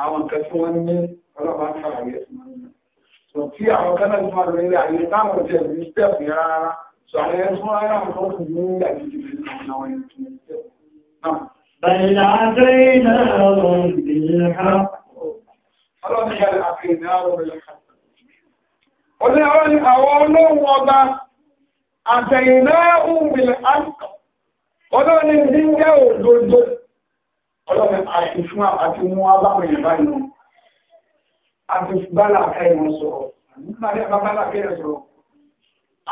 àwọn nǹkan tí wọ́n ní ọlọ́pàá ń fara yẹ tí àwọn kan náà ti máa àyè táwọn ọ̀tẹ̀ ní step yẹn rárá sọ àwọn ẹni tí àwọn tó ní àjèjì fún àwọn náà. بل àwọn àwọn olóhùn ọba àtẹ̀yìnlá òun ìlẹ̀ àkọ́ ọlọ́run ní jíjẹ́ òdodo ọlọ́run àti fún àti mú abáwọn èèyàn báyìí lọ àti bálà ẹ̀yàn sọ̀rọ̀ nígbà tí a bálà ẹ̀yàn sọ̀rọ̀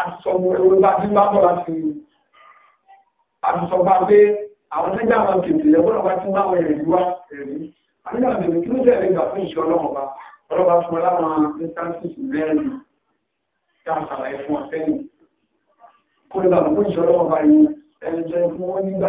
àti sọ ẹ̀rọ bá ti bá bọ̀ láti àti sọ bá pé àwọn tẹ́jà wọn kìtì lẹ́gbọ́n bá ti bá wọn èrè wá èrè ànígbà tí kí ló tẹ̀lé gbà fún ìṣẹ́ ọlọ́run bá ọlọ́ba fún ọláwọn instances mẹ́rin tá a sàlàyé fún ọ sẹ́yìn kó lè bàbá fún ìṣẹ́ ọlọ́run bá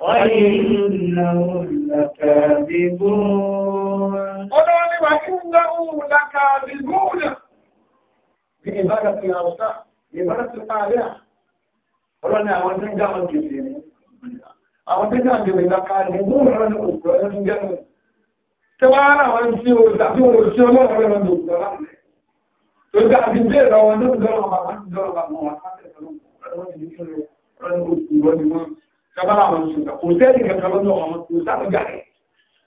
وإنهم لكاذبون قلوا وإنهم لكاذبون بإبادة الأوصاف بإبادة القارعة قلوا أنا أولا جاءوا الكثير أولا جاءوا لكاذبون أولا أولا Tẹwàárà wọn tí ó dàbí òṣìṣẹ́ ọlọ́run rẹ̀ lọ́dún ìjọ láti. Tó dáa ti bẹ́ẹ̀rẹ̀ wọn ló ń dọ́rọ̀ bàbá ń dọ́rọ̀ bàbá wọn sábàlá àwọn ìṣúná kò sẹ́ẹ̀lì kankan lọ́dọ̀ ọmọ kò sábàjá rẹ̀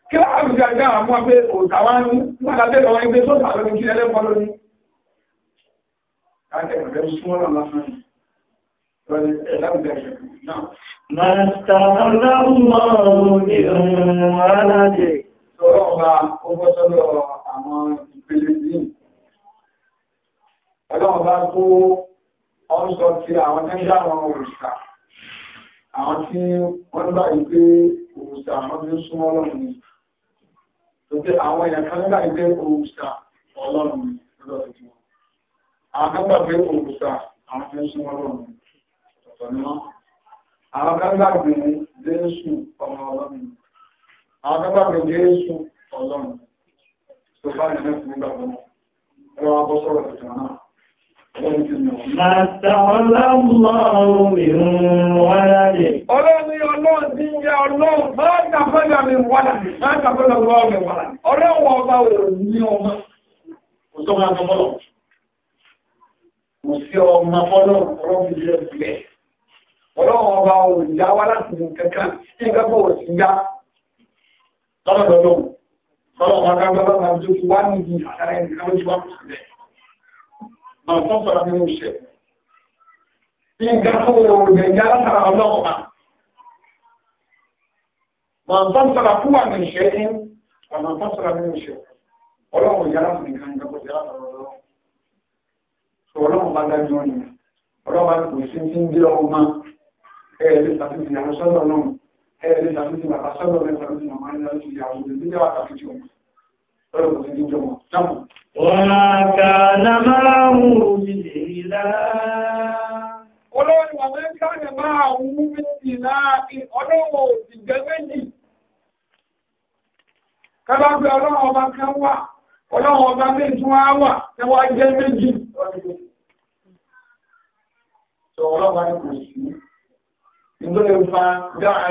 kí láwọn àbújá gbá àwọn ọmọ pé kò táwa ń nígbàdá bẹ́ẹ̀ lọ́wọ́ ẹgbẹ́ sọ́ọ̀tà lọ́dọ̀ kí ẹlẹ́kọ́ lónìí. ما استغفر الله من ولد Sọ̀rọ̀ ọba ó bọ́ sọ́dọ̀ àwọn ìpele yìí. Ọlọ́run bá kó ọ́n sọ ti àwọn tẹ́ńdà àwọn òrìṣà. àwọn tí wọ́n gbà yí pé àwọn tí ọlọ́run ni tó àwọn èèyàn kan gbà yí pé ọlọ́run ni lọ́dọ̀ tó wọn àwọn kan ọlọ́run ọ̀tọ̀ ni wọ́n àwọn jésù ọlọ́run ni jésù ọlọ́run Ọlọ́run ọlọ́run ti ń yá ọlọ́run máa kàfẹ́lá mi wọ́nà, máa kàfẹ́lá ọlọ́run mi wọ́nà. Ọlọ́run ọba ò ní ọmọ, kò tó máa tọmọ́lọ̀. Kò sí ọmọ mọ́lọ̀ ọlọ́run ilé ẹgbẹ́. Ọlọ́run ọba ò yá wá láti mú kankan, tí nǹkan bọ̀ sí yá. Lọ́lọ́dọ̀ọ́lọ́run, ọlọ́run ọba ká máa tán sọ̀rọ̀ nínú ìṣẹ̀. Bí n gáfó òòrùn látara ọlọ́pàá. Máa tán sọ̀rọ̀ fún wà ní ìṣẹ́ ní ọ̀nà tán sọ̀rọ̀ nínú ìṣẹ̀. Ọlọ́run yára fún nǹkan ìgbàgbọ́ sí látara ọlọ́run. Sọ ọlọ́run bá dájú wọn ni. Ọlọ́run bá kò sí ti ń gbé ọmọ máa. Ẹ ẹ̀ lè ṣàfihàn ìyàwó sọ́dọ̀ náà. Ẹ ẹ̀ lè ṣàfihàn bàbá sọ́dọ̀ náà ṣàfihàn màmá ní ọjọ́ ìyàwó. Ìdílé wà tàbí jù. Ọlọ́run kò sí ti ń jọmọ. Jámọ̀. وما كان na من إله Ọlọ́run wà wọ́n máa mú méjì láàrin ọlọ́run ọba kan wà, ọlọ́run ọba méjì tún á wà, jẹ́ méjì. ní kò sí. ìfà dáa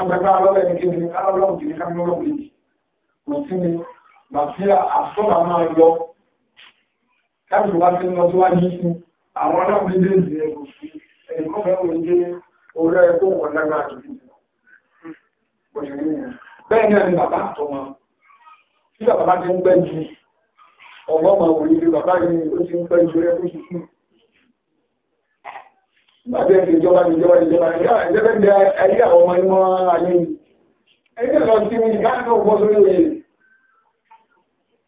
máa gbẹ́gbẹ́ màfíà àsọ́nà máa yọ káàkiri wá sí lọ síwájú sí àwọn aláwọ̀ ilé ìdí ẹ̀kọ́ sí ẹ̀kọ́ mẹ́wọ̀n ilé orí ẹ̀kọ́ wọn lágbára jù bẹ́ẹ̀ ni ẹni bàbá àtọ́ wọn tí bàbá bá ti ń gbẹ́ ju ọ̀gbọ́n máa wòye bí bàbá yìí ó ti ń gbẹ́ ju ẹ̀kọ́ sí fún Bàbá ẹ̀kẹ́ ìjọba ìjọba ìjọba ìjọba ìjọba ẹ̀yà ọmọ ẹ̀mọ́ ayé. Ẹgbẹ́ lọ sí ìgbà náà wọ́n lórí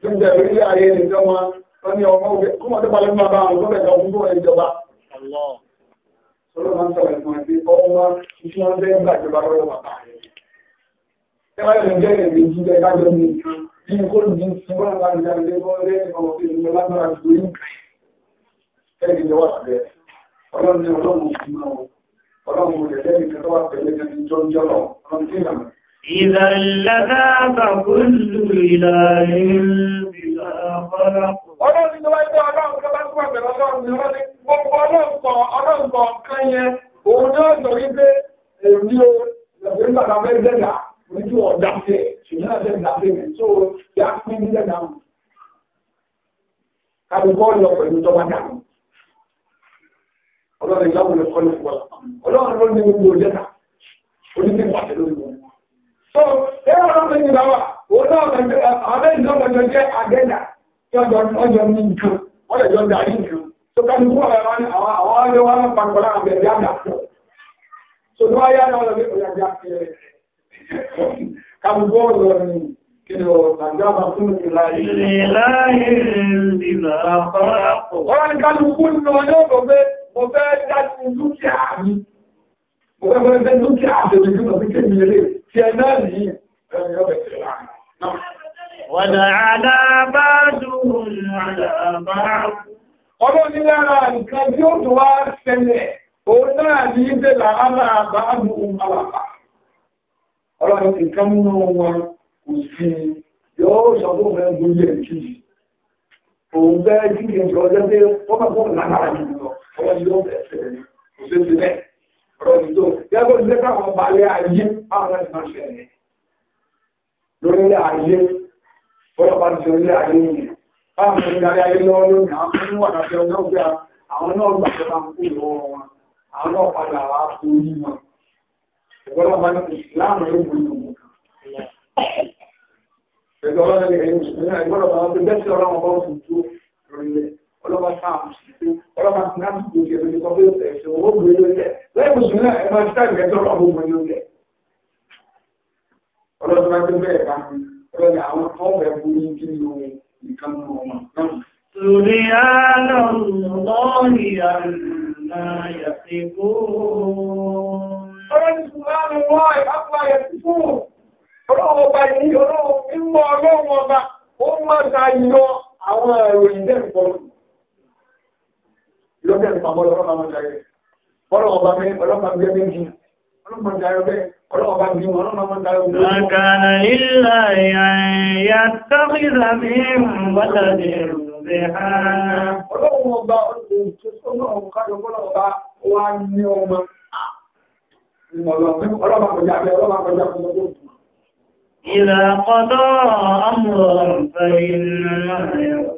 tí ń jẹ ìrírí ayé nìjọ wọn wọn ní ọmọ òkè kó mọ̀ tó balẹ̀ máa bá àwọn tó bẹ̀rẹ̀ ọdún tó ìjọba. Sọlọ́ máa ń sọ̀rọ̀ ìfún ẹbí ọmọ iṣẹ́ wọn bẹ́ẹ̀ ń gbàjọba lọ́wọ́ bàbá rẹ̀. Ẹ wá lè jẹ́ èrè jíjẹ kájọ ní bí kó ní ti wọ́n wá ní ìdájọ́ ẹgbẹ́ ọdẹ ọmọ tó ní lágbára ju orí. Ẹ̀rì ni wọ́n bẹ̀. Ọlọ́run ni ọlọ́run ti mọ̀ ọlọ́run ò lè lẹ́yìn tó wà pẹ̀lú ẹni ń jọ́ lọ ọlọ́run tí ìlànà. إذا لذاب كل إله بما خلق Ọlọ́run ni wáyé tó ọlọ́run tó bá túnmọ̀ pẹ̀lú ọlọ́run ni wọ́n ní gbogbo ọlọ́ǹkọ̀ ọlọ́ǹkọ̀ kan yẹn òun náà sọ wípé èmi o ìgbàgbé ń bàbá fẹ́ dẹ́gà ojú ọ̀dà fẹ́ ṣùgbọ́n àti ẹ̀dà fẹ́ mi tó yà fún mi dẹ́gà mù. Kàbí bọ́ọ̀lù ọ̀pọ̀ ìlú tó bá dà mù. Ọlọ́run ìyáwó lè kọ́ ní fún ọ. Ọlọ́run ló ní gbogbo dẹ́gà. lórí wọn so ẹ̀rọ ọ̀rọ̀ mi bá wà òun náà abẹ́ ìdánwòjọ jẹ́ àgẹ́dà ọjọ́ ní nǹkan wọ́n lè jọ darí nǹkan tó ká ní kú ọ̀rọ̀ wọn àwọn àwọn ọjọ́ wọn máa pàpọ̀ láwọn abẹ́ ìyá àgbà pọ̀ so ní wáyé àwọn ọ̀rọ̀ mi kò yá já kàbùkù ọ̀rọ̀ mi kí ni ọ̀rọ̀ tàbí àbá fún mi láyé. ọ̀rọ̀ ni kálukú ń lọ yóò Ọ̀pẹ́pẹ́ tó kí àtẹ̀lẹ̀ ìgbìmọ̀ sí kí ènìyàn lè tí ẹ náà ní ẹ̀rọ ìrọ̀bẹ̀ Wàdà àdábádùn àdábádùn. Ọlọ́run ní lára nǹkan tí ó tó wá ṣẹlẹ̀, òun náà ní ìbẹ̀ làárá àbáàbùn àwàpá. Ọlọ́run nǹkan mú wọn kò sí yóò sọ fún ọmọ ẹgbẹ́ ilé ẹ̀kí. Òun bẹ́ẹ̀ kí kìí jọ ọjọ́ pé wọ́n bá fún ọ̀nà lára nìyàn, ọwọ́ ni ó bẹ̀ẹ̀ rọ̀dùdó gẹ́gọ́ ilé káwọn balẹ̀ ayé àwọn ẹ̀sán ṣẹlẹ̀ lórí ilé ayé bọ́lọ̀pá ti ṣe ilé ayé yìí báwọn ìdarí ayé lọ́wọ́ lónìí àwọn tó ń wà láti ọjọ́ gbé àwọn náà gbà tó máa ń kú lọ́wọ́ wọn àwọn náà padà wá fún yí wọn ìgbọ́lọ́pá ní ìsìláàmù ló mú ìlú mú ọlọ́ba sáàmù sí ọlọ́ba sinapsi tó ṣe lórí kọ́ bóyá ẹ̀sìn owó gbé lórí ẹ̀ lẹ́yìn mùsùlùmí náà ẹ̀ máa ṣe táàgì ẹ̀jọ́ ọlọ́ba gbé lórí ẹ̀. ọlọ́ba tó bẹ̀rẹ̀ bá mi ọlọ́ba àwọn tó bẹ̀ bú ní kí ni ohun nǹkan mú ọmọ náà. Sùnì àlọ́ọ̀lì àná yàtìkú. Ọlọ́run ti máa ń wá ìbápa yàtìkú. Ọlọ́run ọba yìí, ọlọ́run mímọ́ ọlọ́run ọba, ó máa ta yọ àwọn èrò ìdẹ́gbọ̀n lọ́dẹ̀ ìpamọ́ lọ́rọ̀ máa ń jayẹ bọ́lọ̀ ọba mi ọlọ́pàá mi gẹ́gẹ́ bí ọlọ́pàá ń jayọ bẹ́ẹ̀ ọlọ́pàá mi wọn ọlọ́pàá ń jayọ bẹ́ẹ̀. àkànà ìlà ìyá tábìlà mi bàtà ní ìrùbẹ̀ ha. ọlọ́run ọba ọlọ́pàá kọjá bẹ́ẹ̀ ọlọ́pàá kọjá kọjá إذا قضى أمرا فإنما يقول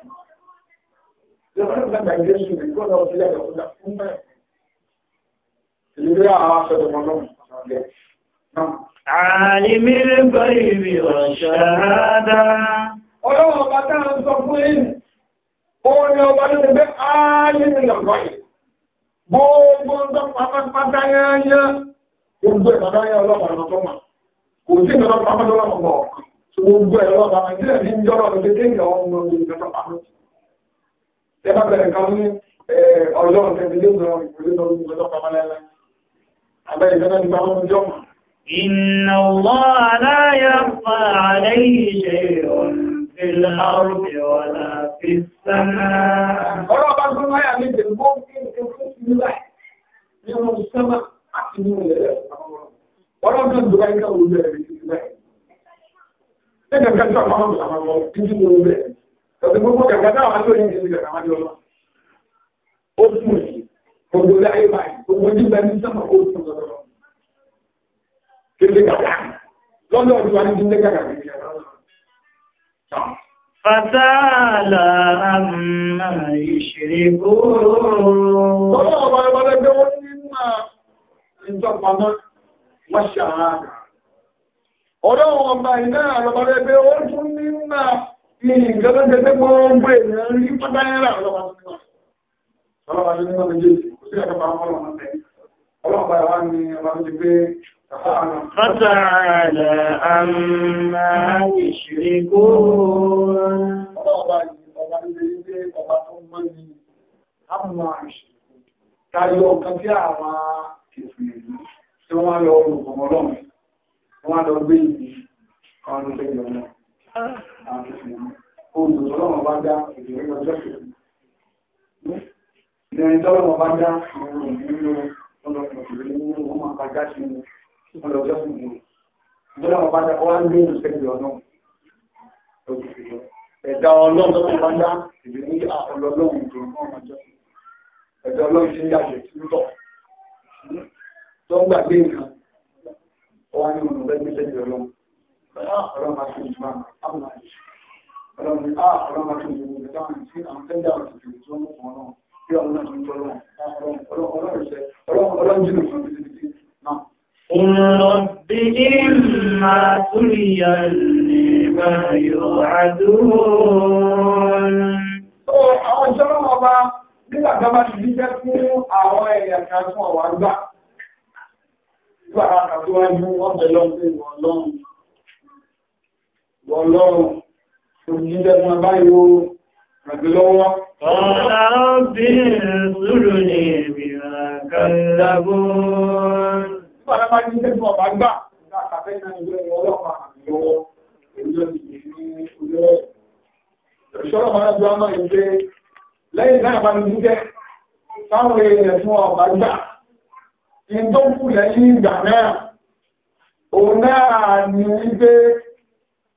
Ààlìmí lẹ́gbọ́ ìrì ọ̀ṣàrádá. Ọlọ́run ọba táà ń sọ fún ìrìn, ó ní ọba ní ẹgbẹ́ ààlìmí lọ́gbọ́ yìí. Gbogbo ń tọ́ pátápátá yányá, gbogbo ìpàdá yá ọlọ́pàá lọ́tọ́ mà. Kò sí ìjọba pátápátá lọ́pàá tẹ́fà bẹ̀rẹ̀ nǹkan ní ọlọ́run tẹ̀lé lóòrùn ìwòlé lórí ìgbọ́dọ̀ pàmọ́lẹ́lá àbẹ́rẹ̀ ìjọba nígbà wọn ní jọ́mọ̀. إن الله لا يخفى عليه شيء في الأرض ولا في السماء. ọ̀rọ̀ bá gbọ́n láyà ní ìdè mọ́ kí nǹkan fún mi láì ní ọmọ sẹ́mà àti ní ilẹ̀ ọ̀rọ̀ náà dùn láyé káwọn olùdarí ti láì. ṣé kẹ̀kẹ́ sọ̀rọ̀ máa ń sọ̀rọ̀ ìdí mi ò bẹ̀rẹ̀. gbogbo kẹ̀kẹ́ táwọn àjọ yìí ní kẹ̀kẹ́ àjọ lọ. Ó tún yìí, gbogbo ilé ayé báyìí, gbogbo ní ìgbà ní sọ́mọ̀ ó tún lọ lọ. Kéde kàkà, lọ́dọ̀ ọdún wa ní kéde kàkà kéde kàkà lọ. Fàtàlà àmà ìṣèlú. Bọ́lá ọ̀bá ọ̀bá ẹgbẹ́ wọn ní máa ń jọ pamọ́, wọ́n ṣàrà. Ọ̀dọ́ ọ̀bá ìná àlọ́bàrẹ́ ẹgbẹ́ wọn tún ní máa ìjọba jẹ́ pé gbogbo ènìyàn rí pátá yẹn rà lọ́wọ́ ọlọ́wọ́ ní wọ́n méjì ọlọ́wọ́ bá wá ní ọmọ méjì pé Fátàlá àmà ìṣirikó. Ọlọ́ọ̀bá yìí, ọba ilé ilé ọba tó mọ́ ni, a mọ̀ àìṣirikó. Tayọ ọ̀kan tí àwọn kèfèrè tí wọ́n lọ rùn ọmọ ọlọ́run, wọ́n lọ gbé ìdí ọdún tẹ́lẹ̀ ọmọ olùsọ́lọ́wọ́ bá dá ìdíwẹ́ ọjọ́ kìí ìrìn tọ́lọ́wọ́ bá dá ìrìn nínú ọlọ́pọ̀ ìrìn nínú ọmọ àgbájá sí ọlọ́jọ́ sí ìrìn tọ́lọ́wọ́ bá dá ọwá ń gbé ìrìnsẹ́gbẹ̀ ọ̀nà ẹ̀dá ọlọ́run bá dá ìrìn ní ọlọ́run ìrìn ọmọ àjọ ẹ̀dá ọlọ́run sí àjẹ̀ tí ń tọ̀ tó ń gbàgbé nǹkan ọwá ní ọ̀nà bẹ́ẹ̀ فآخر الإجماع أبنى فلو آخر ما تنجمون لكان في أن تنجع وتتجمون وقوانون في أولا تنجلون أولا نجلون نعم قل رب إما تريني ما يوعدون Àwọn ìṣọ́rọ̀ ọba nígbà tó bá ti jíjẹ́ fún àwọn ẹ̀yà kan fún ọ̀wà gbà. Gbà àwọn àkàtúwájú ọ̀bẹ̀ lọ́gbẹ̀ ìwọ̀n lọ́rùn wọ́lọ́rùn òjìjẹ́gbọ́n báyìí ó rẹ̀gbẹ̀lọ́wọ́. Lẹ́yìn náà bá ní jíjẹ́, táwọn èèyàn fún ọ̀bá gbà, in tó kú lẹ́yìn ìgbà náà, òun náà ni wípé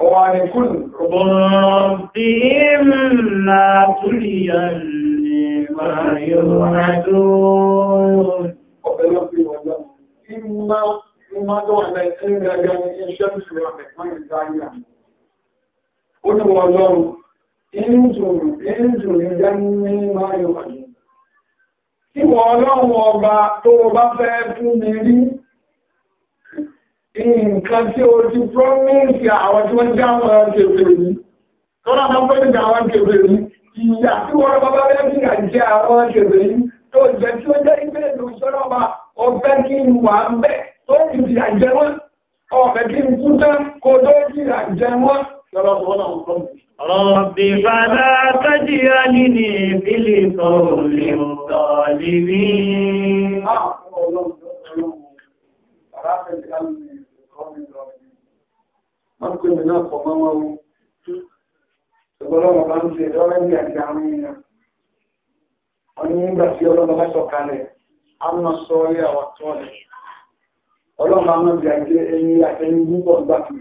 ربهم ما تليني ما يوعدون إما إما دعنا إن جاني إن شمس رحمة ما يدعينا قلوا الله إنزل إنزل جاني ما يوعدون Ìwọ̀ ọlọ́run ọba tó bá fẹ́ fún mi rí nǹkan tí o ti promise àwọn tí wọ́n já wọn kèfèrè ní tọ́lá máa ń pẹ́ nígbà àwọn kèfèrè ní ìyà tí wọ́n bá bá bẹ́ẹ̀ bí jẹ́ àwọn kèfèrè ní tó jẹ́ tí ó jẹ́ ibẹ̀ ló sọ́nà ọba ọbẹ̀ kí n wà ń bẹ̀ tó ti fi àjẹ wọn ọbẹ̀ kí n kú tán kó tó fi àjẹ ah, wọn Rọ̀bì fàdá kájíra nínú ìbílẹ̀ tọ́lì tọ́lì rí. Àwọn ọlọ́run tó wọ́n pè mí náà pọ̀ mọ́ wọn o ṣùgbọ́n bá ń ṣe lọ́rẹ́ ní àti àwọn èèyàn wọ́n ní nígbà tí ọlọ́run bá sọ kalẹ̀ á mọ sọ orí àwọn tó rẹ̀ ọlọ́run àwọn ibi àti ẹni àtẹni gbúgbọ̀ gbà fi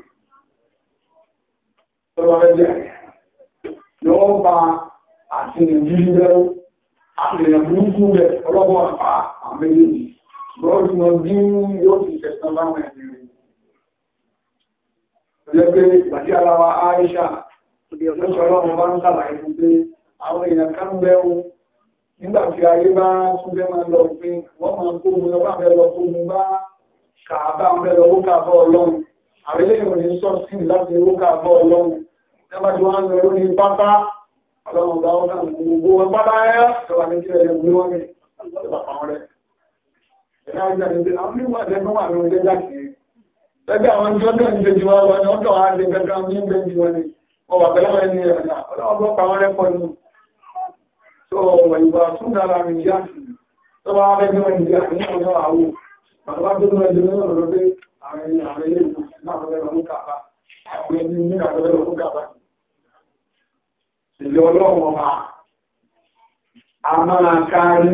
lọ́rẹ́ jẹ́ ni wọ́n bá àti nàìjírí lẹ́rú àti nàìjírí rẹ̀ ọlọ́run àpá àmì Ọjọ́ pé ìgbàdí ara wa Aisha, lọ́sọ̀ ọlọ́run bá ń sàlàyé fún pé àwọn èèyàn kan bẹ́ẹ̀ nígbà tí ayé bá súnbẹ́ máa lọ òfin, wọ́n máa kó mu lọ bá bẹ́ẹ̀ lọ kó mu bá kàábà ń bẹ́ẹ̀ lọ ó kàábọ̀ ọlọ́run. Àwọn eléyìí ò ní sọ kí ẹ̀yẹ gbé rẹ̀. Lẹ́gbẹ́ àwọn tí wọ́n tọ̀ ní ìjọ wa wọn, wọ́n tọ̀ wá lè gẹ́gẹ́ ní ìgbẹ́ ìjọ ni. Wọ́n wà pẹ̀lú àwọn ẹni ẹ̀rọ ọlọ́ọ̀gbọ́ pa wọ́n rẹ́pọ̀ nù. So ìwà tún dára mi yá. Tó bá rẹ̀ gbé wọn ìdí àní ọjọ́ àwò. Bàbá tó lọ ẹjọ́ náà lọ pé àwọn ẹni àwọn ilé ìlú náà fẹ́ lọ mú kàbá. Àwọn ẹni ní àjọ fẹ́ lọ mú kàbá. Ìlú ọlọ́run ọba. A máa kárí.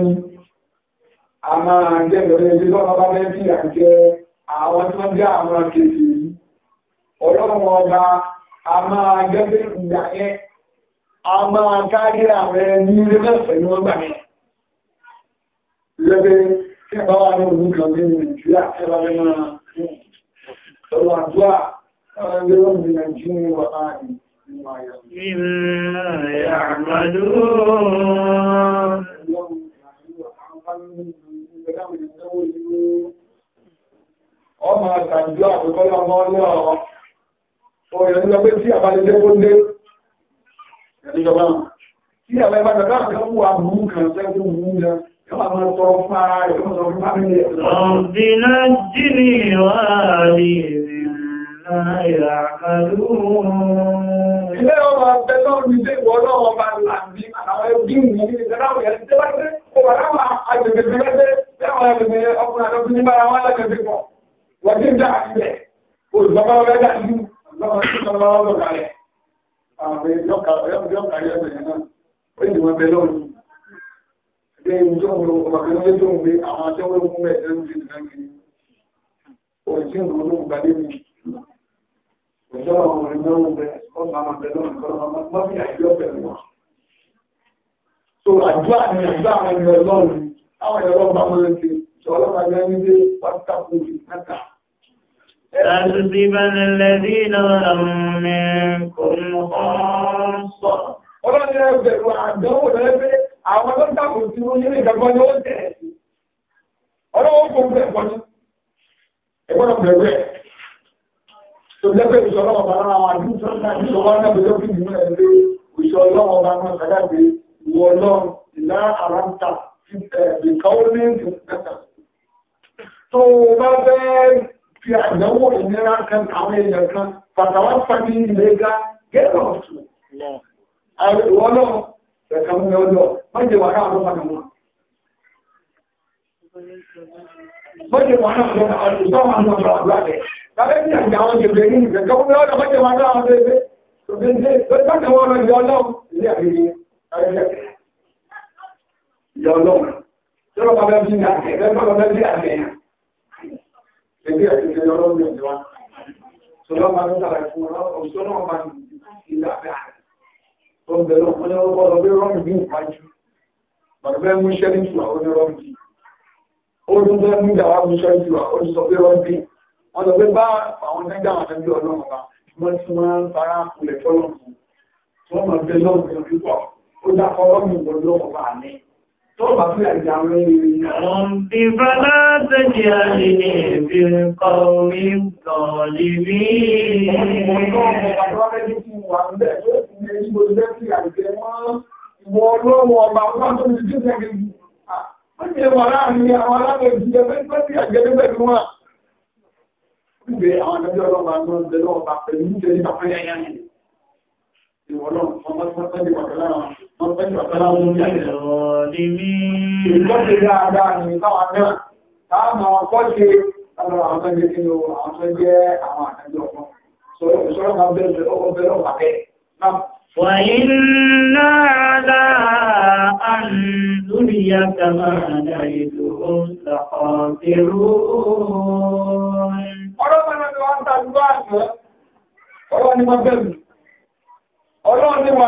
A máa jẹ́ ìrọ̀lẹ́ ìdí lọ́wọ́ bá fẹ́ fi àjẹ́ àwọn tó jẹ́ àwọn kejì yìí ọlọ́run ọba a máa gẹ́gẹ́ ìgbà yẹn a máa kárí àwọn ẹni ilé mẹ́fẹ̀ẹ́ ni wọ́n gbà yẹn lẹ́gbẹ́ tí a bá wà ní òun kan ní nàìjíríà tí a bá fẹ́ máa sọ̀rọ̀ àdúrà ẹgbẹ́ wọn ní nàìjíríà wà láàrin Ìmọ̀ ìyàmàdó ọmọ àtàjọ àpẹkọ́lọ́ ọmọ ọlọ́ọ̀ ọ̀rẹ́ ní ọgbẹ́ tí àbálẹ́ jẹ́ kó lé ẹ̀dìjọba tí àbá ẹ̀bá tàbí àpẹkọ́ wà mú kan sẹ́kún mú ya yọ́wà máa tọrọ fún ara rẹ̀ fún ọmọ fámílì ẹ̀ ọ̀bìnà jìnnì wà ní Ilé ọmọ abẹ́lọ́ ní dé ìwọ̀ ọlọ́wọ́ bá làbí àwọn ẹbí mi ní ìdáwò yẹn tí wọ́n dé, kò wà láwọn agbègbè bí wọ́n dé, lẹ́wọ̀n agbègbè ọkùnrin àdọ́gbìn nígbàra wọn lẹ́gbẹ̀ẹ́ pọ̀ wọ́n ti ń dà sílẹ̀ olùgbọ́n bá dà sí lọ́wọ́ sí lọ́wọ́ lọ́wọ́ rẹ̀ àwọn yọ̀ọ̀kà yọ̀ọ̀kà yọ̀ọ̀kà yẹn náà ó yìí wọ́n bẹ lọ́rùn ilé ìjọ òun ọmọkùnrin ló tó ń gbé àwọn atẹ́wọ́ ń mú ẹ̀sẹ̀ ń fi nìkan kiri òun tí ń rò ló ń gbadé mi òjò àwọn ọmọ náà ń bẹ ọmọ àwọn ọmọ náà ń bẹ ọmọ ọmọ mi àìjọ bẹ̀rẹ̀ wọn. so àdúrà ni àdúrà àwọn ènìyàn lọ́rùn àwọn ènìyàn lọ́rùn bá wọn lè ṣe sọ ọlọ́pàá ní ẹni dé wọ́n tàkùn ìtàkà لا الذين ظلموا منكم خاصة Ọlọ́run ẹ̀rọ bẹ̀rù àdánwò lẹ́gbẹ́ àwọn tó ń dàbò tí wọ́n nílé ìgbàgbọ́ ni ó tẹ̀. Ọlọ́run kò gbé ẹ̀kọ́ ní. Ẹgbọ́dọ̀ bẹ̀rù ẹ̀. Tó lẹ́gbẹ́ ìṣọ́ ọlọ́wọ́ bá rárá àwọn àdúgbò tó ń dà ìṣọ́ náà bẹ̀rẹ̀ fún ìgbìmọ̀ ẹ̀ lé ìṣọ́ ọlọ́wọ́ bá rán sàdágbé ìwọ ọlọ́run ìlà àrántà ìkàwọ́ ní ìgbìmọ̀ fi àdánwò ìnira kan àwọn èèyàn kan pàtàwà fani ìlera gẹ́gẹ́ ọ̀tún àríwọ́ náà ẹ̀ka mú ọjọ́ mọ́jẹ̀ wà náà lọ́pàá náà mọ́jẹ̀ wà náà lọ́pàá àrùsọ́ wà náà lọ́pàá rẹ̀ lábẹ́ ní àjà àwọn jẹ̀bẹ̀ ní ìfẹ́ kọ́ mú ọjọ́ mọ́jẹ̀ wà náà lọ́pàá rẹ̀ lọ́pàá wọn lọ yọ ọlọ́run ilé àríwí yọ ọlọ́run tí wọ́n bá bẹ́ẹ̀ bí ní àjẹ́ bẹ́ẹ̀ bá bẹ́ẹ̀ bí àjẹ́ yẹn ẹgbẹ́ àti ìjẹ́ ọlọ́run ìjọba ṣọlọ́mà ló dára fún ọ̀ṣọ́ náà máa ń ilé àbẹ́ àrẹ tó ń bẹ̀rẹ̀ ọmọ ní ọgbọ́ ọlọ́bẹ̀ rọ́mì bí ìpájú bàbá mú ṣẹ́rí jù àwọn onírọ́mì bí ó ń bẹ́ mú ìyàwó mú ṣẹ́rí jù àwọn sọ pé rọ́mì bí wọ́n lọ pé bá àwọn nẹ́gbà àwọn ẹgbẹ́ ọlọ́run bá wọ́n ti máa ń fara kulẹ̀ tọ́lọ́run tí wọ́n máa bẹ lọ́run Ọ̀bìbọ́lá tẹ́jì àrí ìbí ǹkan orí ǹkan lè rí. Ìwọ̀n ọlọ́wọ́ ọba ọba tó ní jẹ́ ẹgbẹ̀rẹ̀ ìgbẹ̀rẹ̀. Wọ́n ni ẹwà láàrin àwọn alábẹ̀ẹ́ ìjẹ̀bẹ̀ pẹ́lú àjẹ́lẹ́ pẹ̀lú wọn. Ìgbẹ̀ àwọn ẹgbẹ̀rẹ̀ ọlọ́wọ́ ọba tó ń bẹ̀rẹ̀ ọba pẹ̀lú ìjẹ́ ìjẹ̀bẹ̀ Ìjọ́sí dáadáa ni táwọn náà, táàmà ọkọ́ ṣe àwọn àwọn ẹgbẹ́ tí ó àwọn jẹ́ àwọn àtàjọ ọmọ. So, ìṣọ́rọ̀ máa bẹ̀rẹ̀ ọkọ̀ bẹ̀rẹ̀ ọ̀pàkẹ́. وَإِنَّا عَلَىٰ أَن نُّرِيَكَ مَا نَعِدُهُمْ لَقَادِرُونَ Ọlọ́run ni wọ́n ń tàbí bá àná, ọlọ́run ni wọ́n bẹ̀rù, ọlọ́run ni wà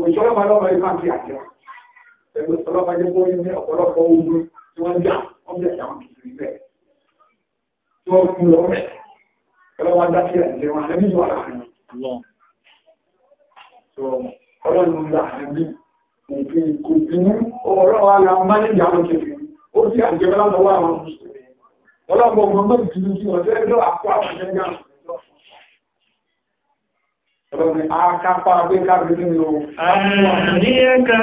òṣìṣọ́lọ́pàá lọ́pàá yìí àjẹ́ ẹgbẹ́ ọ̀pọ̀lọpọ̀ ogun tí wọ́n jà wọ́n jẹ́ àwọn kìkìrì bẹ́ẹ̀ tí wọ́n fún lọ rẹ̀ ọlọ́pàá dá sí àjẹ́ wọn àlẹ́ níjọ ara rẹ̀ ọlọ́run la àbí òfin kò ọ̀rọ̀ wa la máa ń jà wọn kìkìrì ó sì àjẹ́ wọn lọ́wọ́ àwọn mùsùlùmí ọlọ́pàá ọmọ mọ́ Ọlọ́run akápá gbé káàkiri nínú o. Àmì ẹ̀ka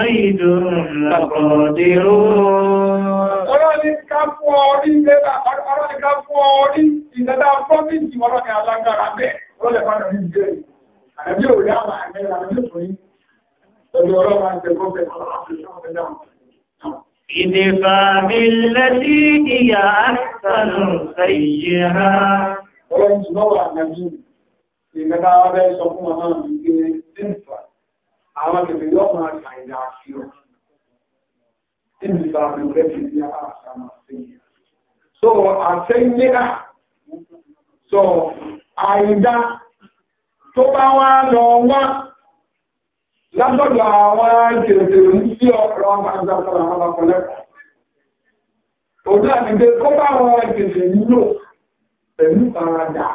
àìdò àkọ̀dẹ̀rò. Ọlọ́run ká fún ọrí lẹ́la, ọlọ́run ká fún ọrí ìdẹ́dá fọ́bíjì ọlọ́run alágbára bẹ́ẹ̀. Ọlọ́run ìyá àṣàlù ṣèyí ha. Ọlọ́run ti lọ́wọ́ àgbàjú nǹkan tá a bẹ́ sọ fún ọmọ mi pé tìǹfà àwọn kẹfẹ́ yóò máa kà sí ọ tìǹfà mi rẹ̀ fi ní àṣà máa fi so àtẹ́yẹ́ so àìdá tó bá wá lọ wá látọ̀dọ̀ àwọn jẹ̀jẹ̀rù ń sí ọ̀rọ̀ àwọn àgbàkọ̀lá àwọn akọ̀lẹ́kọ̀ọ́ òun náà ti gbé kó bá wọn jẹ̀jẹ̀rù pẹ̀lú faradà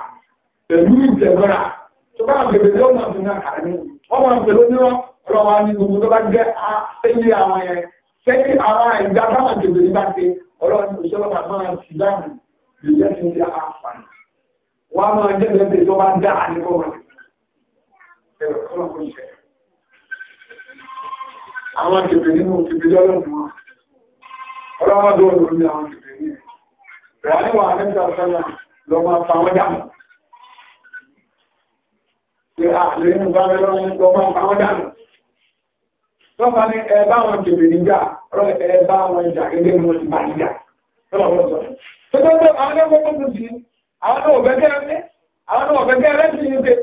pẹ̀lú ìjẹ̀gbọ́ra tó bá bèbè tó máa fi náà ní gbogbo tó bá jẹ́ sẹ́yìn àwọn sẹ́yìn àwọn ní bá máa ti lè jẹ́ sí máa jẹ́ bẹ́ẹ̀ tó bá dá wọn. àwọn nínú wọn pé ààrẹ ah, ń bá mẹ́lọ́ ń gbọ́gbọ́n àwọn dànù lọ́pàá ní ẹbá wọn jèrè níjà rọ ẹbá wọn ìjà ilé wọn ti bá níjà lọ́pàá sọ tó tó tó àwọn ẹgbẹ́ tó ti àwọn náà ọ̀bẹ́ kẹ́rẹ́ àwọn náà ọ̀bẹ́ kẹ́rẹ́ ti ń pè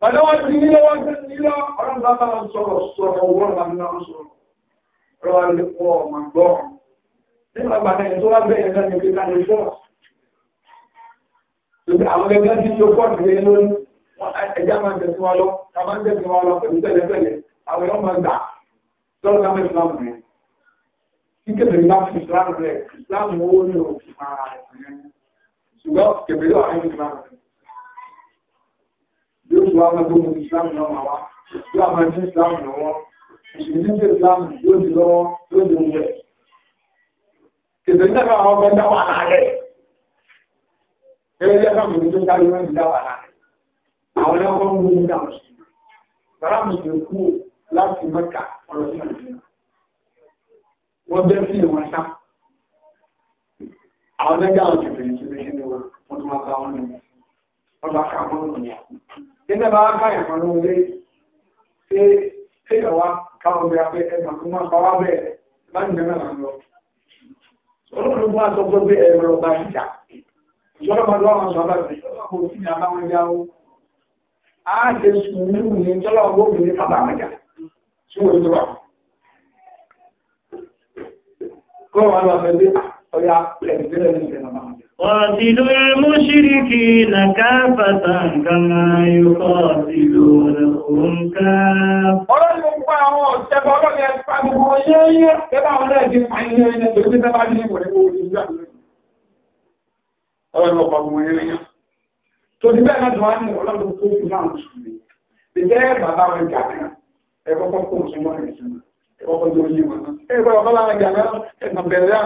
bàtà wọn ti nílé wọn ti nílé ọ̀rọ̀ bá bá wọn sọ̀rọ̀ sọ̀rọ̀ wọn bá bá wọn sọ̀rọ̀ rọ alẹ́ pọ̀ ọmọ gbọ́ nígbà gbàgbà yẹn tó wá bẹ́ẹ̀ ẹja máa ń tẹ̀sí wa lọ ta máa ń tẹ̀sí wa lọ pẹ̀lú tẹ́lẹ̀tẹ́lẹ̀ àwọn èèyàn máa gbà lọ́rọ̀ láwọn islam rẹ̀ kí kẹfẹ́rẹ́ bá fi islam rẹ̀ islam owó ní òfin máa rẹ̀ ṣùgbọ́n kẹfẹ́rẹ́ wà nínú islam rẹ̀ bí ó ti wá máa gbóhùn islam náà máa wá bí wàá máa ní islam lọ́wọ́ ìṣèlú ní islam yóò di lọ́wọ́ yóò di wẹ̀ kẹfẹ́rẹ́ náà máa wọ́n àwọn ẹ̀kọ́ ń wọ́n dà mùsùlùmí bàrá mùsùlùmí kú láti mẹ́ka ọ̀rọ̀ sí nàìjíríà wọ́n bẹ́ẹ̀ sí ìwọ̀n sá àwọn ẹgbẹ́ àwọn jẹ̀fẹ̀ ìṣẹ̀lẹ̀ ṣe ni wọ́n tún máa bá wọn nù wọ́n bá ká wọn nù yà nígbà bá ká ìfọ̀n ló wọlé ṣé ṣé ìyàwó káwọn bẹ abẹ ẹ màkú máa bá wá bẹ́ẹ̀ bá ní mẹ́rin àwọn lọ olóòtú bá sọ pé ẹ̀rọ bá ń jà ìjọba bá lọ́wọ́ àwọn sọ á ṣe ní tọ́lọ̀ obìnrin sábà mẹ́ta tí wọ́n tó wà. Kọ́ lọ fẹ́ bí ọya ẹ̀ẹ́dẹ́rẹ́ ní ìṣẹ̀lẹ̀ ti tẹ́bà ní tó ti bẹ́ẹ̀ náà tó wá ní ọlọ́dún tó fi máa ń sùn ní ìjẹ́ bàbá rẹ̀ gàgà ẹ kọ́kọ́ kó o súnmọ́ rẹ̀ sí ẹ kọ́kọ́ tó yé wọn ẹ gbọ́dọ̀ bá lára gàgà ẹ kàn bẹ̀rẹ̀ rà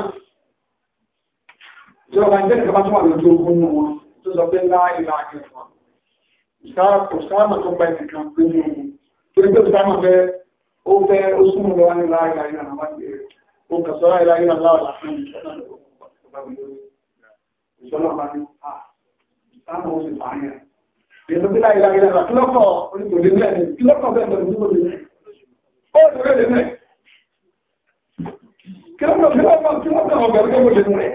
ìjọba ìjẹ́ ìjọba tó wà lójú ogun nù wọn tó sọ pé ńlá ìlà àgbẹ̀fọ́ ìsáàmà tó gba ìtìkan pé ní ọmọ torí pé ìsáàmà fẹ́ ó fẹ́ ó súnmọ́ lọ́wọ́ ní láàrín àìyàn àwọn àti táwọn oṣù pààyàn èso bí láyé láyé lára kílọ́kọ̀ oníkòlè ní ẹni kílọ́kọ̀ bẹ́ẹ̀ lọ́dún tó lè ó ti rẹ̀ lẹ́mẹ̀ kílọ́kọ̀ kílọ́kọ̀ kílọ́kọ̀ ọ̀gá ló kẹ́kọ̀ọ́ lẹ́nu rẹ̀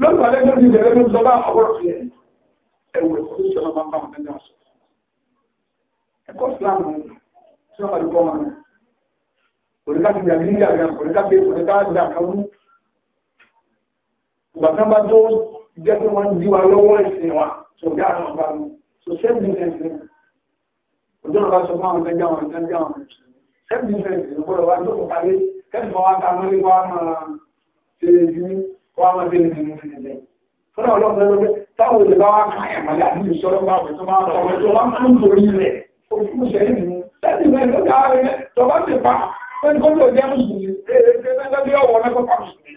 lọ́dún alẹ́ ló ti bẹ̀rẹ̀ ló sọ bá ọgbọ́n fi ẹ̀ ẹ̀wọ̀ ẹ̀kọ́ tó sọ̀rọ̀ bá báwọn ẹ̀dá sọ ẹ̀kọ́ sílámù tí wọ́n pàdé bọ́ọ̀mà rẹ̀ òrìká ti gbà nílẹ̀ àgbà òrìká ti òrìká ti àkàwú ìgbà tí wọ́n bá tó jẹ́ pé wọ́n di wa lọ́wọ́ ẹ̀sìn wa sọ̀bí àwọn ọba mi so self defense ni òjò ọba sọ fún àwọn ẹgbẹ́ àwọn ẹgbẹ́ àwọn self defense ni gbọ́dọ̀ wá tó kọ parí kẹ́sìmọ́ wa ta mọ́lé wa máa ṣe ní wa máa ṣe ní ìlú ìlẹ̀ fúnà ọlọ́pàá lọ́pẹ́ táwọn olè bá wá kàn yàn mọ́lẹ́ àti bá wọ̀ tó máa tọ̀ tó máa ń torí rẹ̀ òfin ṣẹ̀yìn ni self defense ló dáa rẹ̀ tọ́ bá ti pa pé kó ló jẹ́ mùsùlùmí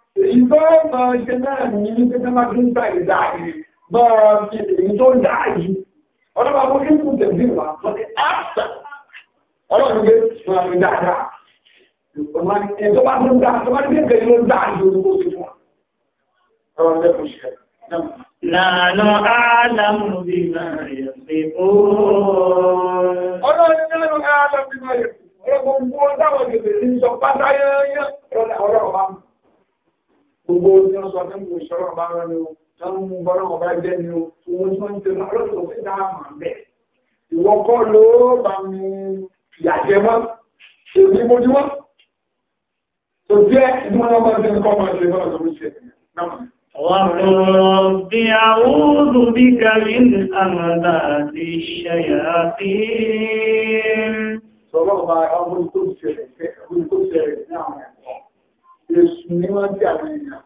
ìgbọ́ ní pé tí wọ́n ti ń gbà ìdá yìí bọ́ ti èyí tó ń dà yìí ọlọ́pàá mú kí fún tẹ̀lé wa wọ́n ti áṣà ọlọ́run gbé fún àwọn dáadáa èyí tó bá tún dá tó bá tún dé ìgbẹ́ ló ń dà yìí olùkó ti fún wa. ọlọ́run bẹ́ẹ̀ kò ṣe Nàánú álámù bí gbogbo ní ọ̀sọ̀ tó ìṣọ́rọ̀ bá rán ni o tó ń mú bọ́lá ọba jẹ́ ni o òun tí wọ́n ń tẹ̀lé ọlọ́sọ̀ fún ìdá àmà bẹ́ẹ̀. ìwọ kọ́ ló bá mú ìyàjẹ́ mọ́ èmi mojú mọ́. tó jẹ́ ìdúró náà bá ti ń kọ́ máa ṣe bọ́lá tó ń ṣe náà. رب أعوذ بك èsù ní wọ́n jẹ́ àwọn èèyàn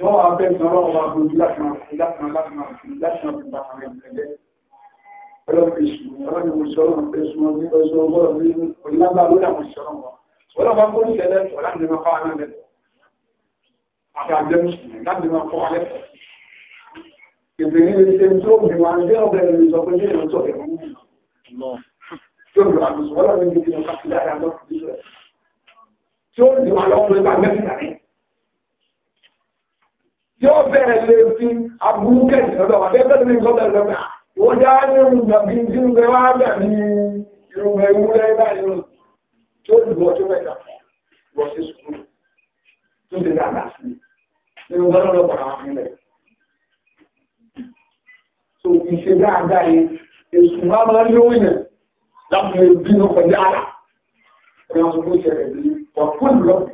wọ́n wá fẹ́ sọ ọlọ́run wa gbogbo láti máa fún láti máa láti máa fún láti máa fún láti máa fún lẹ́ ọlọ́run èsù ọlọ́run mo sọ ọlọ́run èsù wọn ní ọjọ́ ọgbọ́n ní onílágbá lórí àwọn ìṣọ́ ọlọ́run wa ọlọ́run bá ń kó níṣẹ́ lẹ́tọ̀ láti lè máa kọ́ àwọn lẹ́tọ̀ àti àjẹ́ mùsùlùmí láti lè máa kọ́ àwọn lẹ́tọ̀ ìbìnrin ní ṣe tó bí wọn jẹ́ ọ̀bẹ̀ ìlú sọ pé ní ìrántọ́ ẹ̀rọ mú tí ó di wà lọ́wọ́ nípa mẹ́ta ní. Tí ó bẹ̀rẹ̀ lè fi aburú kẹ̀sì lọ́dọ̀ wà bẹ́ẹ̀ bẹ́ẹ̀ ní sọ́dọ̀ lọ́dọ̀ wọ́n já ní ìrùnà bí i tí ń bẹ wá bẹ̀ ní ìrùnà ewúrẹ́ báyìí lọ. Tí ó di wọ́n tó mẹ́ta lọ sí sùkúrù tó ti dáadáa dáadáa yìí, èsù máa máa ń lóyìn láti lè bí ọkọ̀ dáadáa. Ẹ̀rọ ọ̀sán tó ṣẹlẹ̀ bíi وقل رب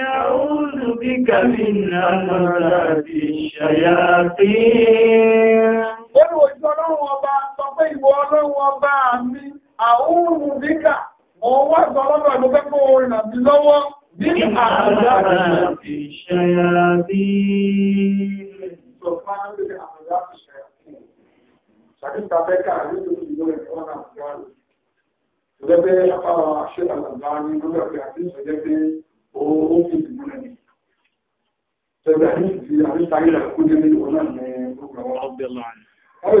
أعوذ بك من همزات الشياطين Ẹrù òjò ọlọ́run ọba sọ pé ìwọ ọlọ́run ọba mi, àúrùn díkà, òun wá sọ lọ́dọ̀ ìlú pé kó orin àbí lọ́wọ́ bí àdára ti ṣẹ́yà bí. Ìjọba ń rí ti lórí ìlú ẹ̀kọ́ náà gẹ́gẹ́ bẹ́ẹ̀ apára ṣe àlàbà ní lórí ọ̀pẹ́ àti ìṣẹ̀jẹ́ pé ó fi ìlú rẹ̀ ní. Ṣẹ̀rẹ̀ ní ti àríṣàyè rẹ̀ kú nínú ìwọ̀n náà ní gbogbo àwọn ọ̀bẹ̀ láàrin. Wọ́n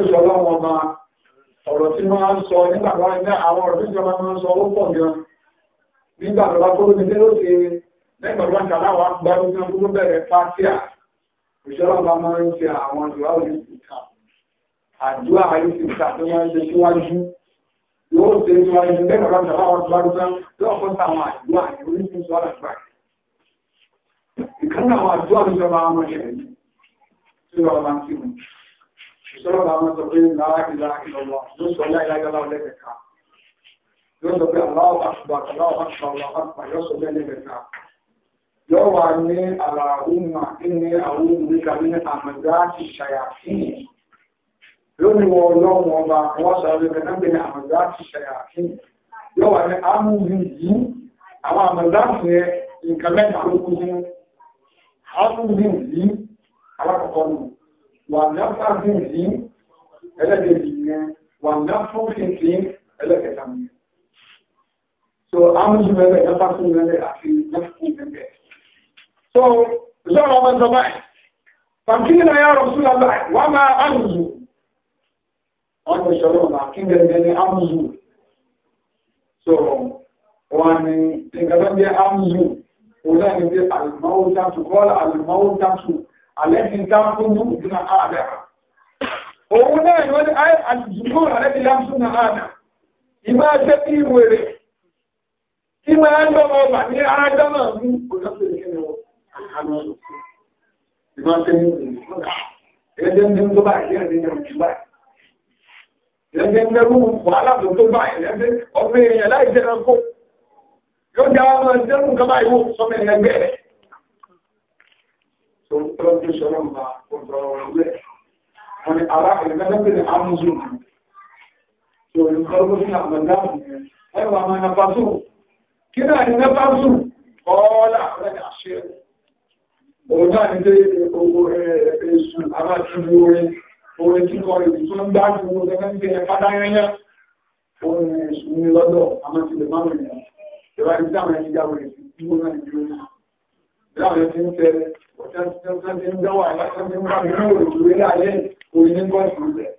ọ̀rọ̀ tí wọ́n ń sọ nígbà àwọn ọ̀rọ̀ tí máa ń sọ ó pọ̀ gan. Nígbà tó bá kóró nílé ó ti lẹ́gbà tó ń kàlá wa gba ojú bẹ̀rẹ̀ pátíà. Òṣèlú máa ń ṣe àwọn àdúrà orí ìta. Àdúrà orí ìta tó máa ń ṣe síwájú yóò ṣe ní wáyé bẹ́ẹ̀ bàbá bàbá wọn tó wájú tán yóò fún táwọn àdúrà ní oníṣẹ́ sọ ọ̀rọ̀ gbà. ìkànnì àwọn àdúrà ló jọba wọn ṣẹlẹ̀ yìí tí wọ́n máa ń kí wọn. ìṣòro bàbá wọn sọ pé lára ìlà ìlọ́wọ́ ló sọ láì láyé láwọn lẹ́kẹ̀ẹ́ka. yóò sọ pé aláwọ̀ àṣùbà aláwọ̀ àṣùbà aláwọ̀ àṣùbà yóò sọ bẹ́ẹ̀ lẹ́kẹ̀ẹ́ka. yóò wà ní àlàó lónìí wọ ọlọ́run ọba wọ́n sọ̀rọ̀ lórí ẹgbẹ́ ní àmàlà ti ṣẹ̀yà kí yóò wà ní amúhùn yìí àwọn àmàlà ti yẹ nǹkan mẹ́ta ló kú sí amúhùn yìí alákọ̀ọ́kọ́ nù wà náfàáhùn yìí ẹlẹ́gẹ̀ẹ́dì yẹn wà náfàáhùn yìí ẹlẹ́gẹ̀ẹ́ta yẹn. so amúhùn mẹ́lẹ̀ náfàáhùn mẹ́lẹ̀ àti náfàáhùn mẹ́lẹ̀. so lọ́rọ̀ ọmọ ìjọba ẹ̀ fàmkìlì náà yà rọ̀ sí wọ́n ní ìṣọ́lọ́ ọ̀nà kíngẹ̀ẹ́gẹ́ ní amzu so wọ́n ní ìgbẹ̀rẹ̀ jẹ́ amzu wọ́n ní jẹ́ alìmọ́wótántù kọ́lá alìmọ́wótántù alẹ́kìntántù ìdínà ààdà òun náà ni wọ́n ní alìjùmọ́ alẹ́kìntántù na ààdà ìmá jẹ́ kí wèrè kí máa ń lọ́mọ ọba ní ádámà mú òjò lẹ́gbẹ́ mẹ́rú wàhálà tó tó báyìí lẹ́gbẹ́ ọmọ èèyàn láì jẹ́ ẹranko yóò dá ọmọ ìdẹ́rù nǹkan báyìí wò sọmọ ẹ̀lẹ́gbẹ́ rẹ̀ tó ń tọ́ tó sọ̀rọ̀ ń bá ọ̀dọ̀ ọ̀rẹ́ wọn ni arákùnrin mẹ́ta pé ní amúzù tó ń kọ́ ló orin kíkọ ìlú tó ń gbájú owó gẹ́gẹ́ bí ẹ fádá yányá orin ẹ̀sùn ní lọ́dọ̀ àmọ́ ti lè máwọn ènìyàn ìwà ní táwọn ẹni jáwé èsì tí wọ́n náà dúró ní láwọn ẹni tí ń tẹ ọ̀tẹ́ tí ń dáwà láti ń bá mi ní òòlù rí láyé orin ní gọ́ọ̀sì rẹ̀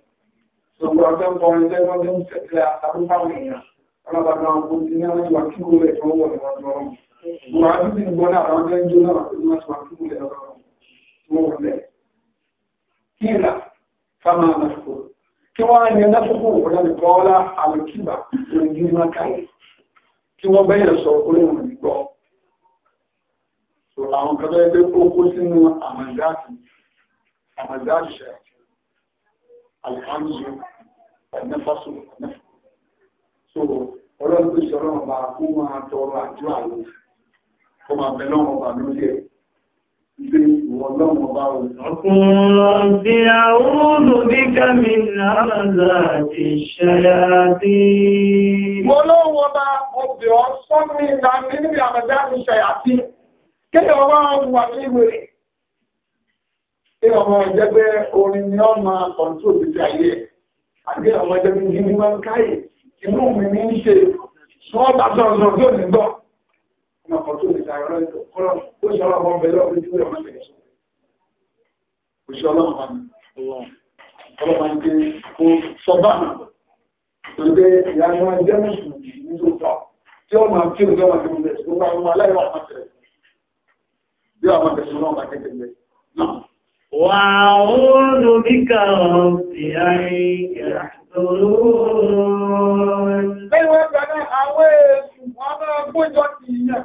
ṣùgbọ́n ọ̀tẹ́ ń kọrin tẹ́ wọ́n ti ń tẹ̀lé àtàkùn fáwọn èèyàn ọlọ́bàdàn àwọn ohun ti ní àwọn ìwà kíkó rẹ̀ tó wọ̀ lọ́wọ́ Buhari ti gbọ́ náà àwọn ẹgbẹ́ ń jó náà pẹ̀lú wọn ti wà kíkó rẹ̀ lọ́wọ́ wọn wọlé. Kí ìlà kama nafuku kí wọ́n á ní nafuku wọ́n ní kọ́ọ́lá àlùkìbà lórí mákàlẹ̀ kí wọ́n bẹ́yẹ̀ sọ olóhùn nígbọ́ so àwọn kan bẹ́ẹ̀ pé ó kó sínú àmàdáàtì àmàdáàtì ṣe alhamdu ẹ̀nẹ́fàṣù ẹ̀nẹ́fàṣù so ọlọ́run tó ṣe ọlọ́run bá kó máa tọrọ àjọ àwọn kó máa bẹ lọ́rùn bá lórí ẹ̀ وقلت أعوذ بك dịka همزات الشياطين ولو ما قد يوصل من عمين بعمدان الشياطين كي الله وعيه Kí ọmọ ẹjẹ́ pé orin ni ìbìtì ayé, àgbé ọmọ ẹjẹ́ bí káyè, mi ní ṣe, uma fortuna ìtàgọ́rọ́ ètò kọ́lọ̀ ó ṣe ọlọ́pàá ọmọ ẹlọ́ orí tíwẹ̀ ọmọ ẹ̀ṣẹ̀ kò ṣe ọlọ́pàá ọlọ́pàá ní kó sọ́bà tó gbé ìyájú wọn jẹ́ mùsùlùmí ní tó tọ́ tí ó máa kí òjò wọn ti mú bẹ̀rẹ̀ tó bá wọn aláìwọ̀ ọmọ tẹ̀lẹ̀ bí ọmọ tẹ̀sí náà bá kẹ́kẹ́ وأعوذ بك رب أن يحضرون. Bẹ́ẹ̀ wọ́n gbà náà àwọn èèyàn wọ́n máa gbójọ́ ti yàn.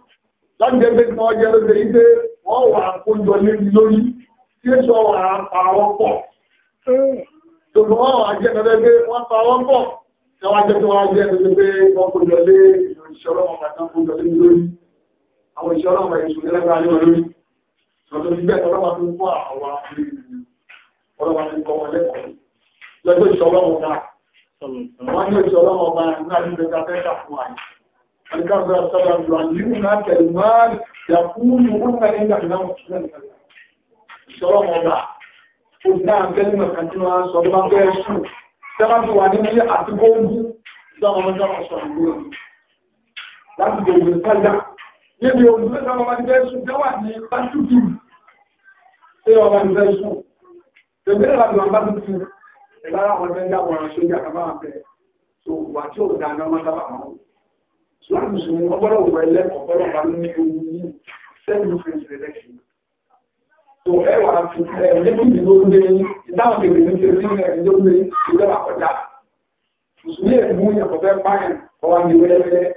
láti jẹ́ wọ́n jẹ́ lóṣè yí wọ́n wà àkójọ lébi lórí tí ó sọ wà àpàwọ́ pọ̀. Tòbí wọ́n wà jẹ́ pé wọ́n pàwọ́ pọ̀ tí jẹ́ tó wọ́n jẹ́ lóṣè pé wọ́n kójọ lé ìṣọ́rọ̀ ọmọ kójọ lórí. Àwọn ìṣọ́rọ̀ ọmọ الكرب والسلام يعلمنا كلمات يقول هن إن إحنا مسلمين سلام الله قلنا عن كلمة كنتنا صلى الله عليه وسلم سلام وعنيني أتقوم سلام الله عليه وسلم láti lè wòye sáyà níbi òun lẹ́sà ọmọ ìfẹ́ sùn jẹ́ wà ní pàṣùkì ṣé ọmọ ìfẹ́ sùn tẹ̀lé ìlànà àwọn pàṣùkì ìlara àwọn ẹgbẹ́ ń dá wọn ṣe yàrá máa bẹ̀rẹ̀ tó wà tí ó dáná mọ́tàbà àwọn Islam is in over over left over over new seven friends election. So ever after living the old day, now they will be living in the old day, you never forget. So we are moving for their mind or on the way there.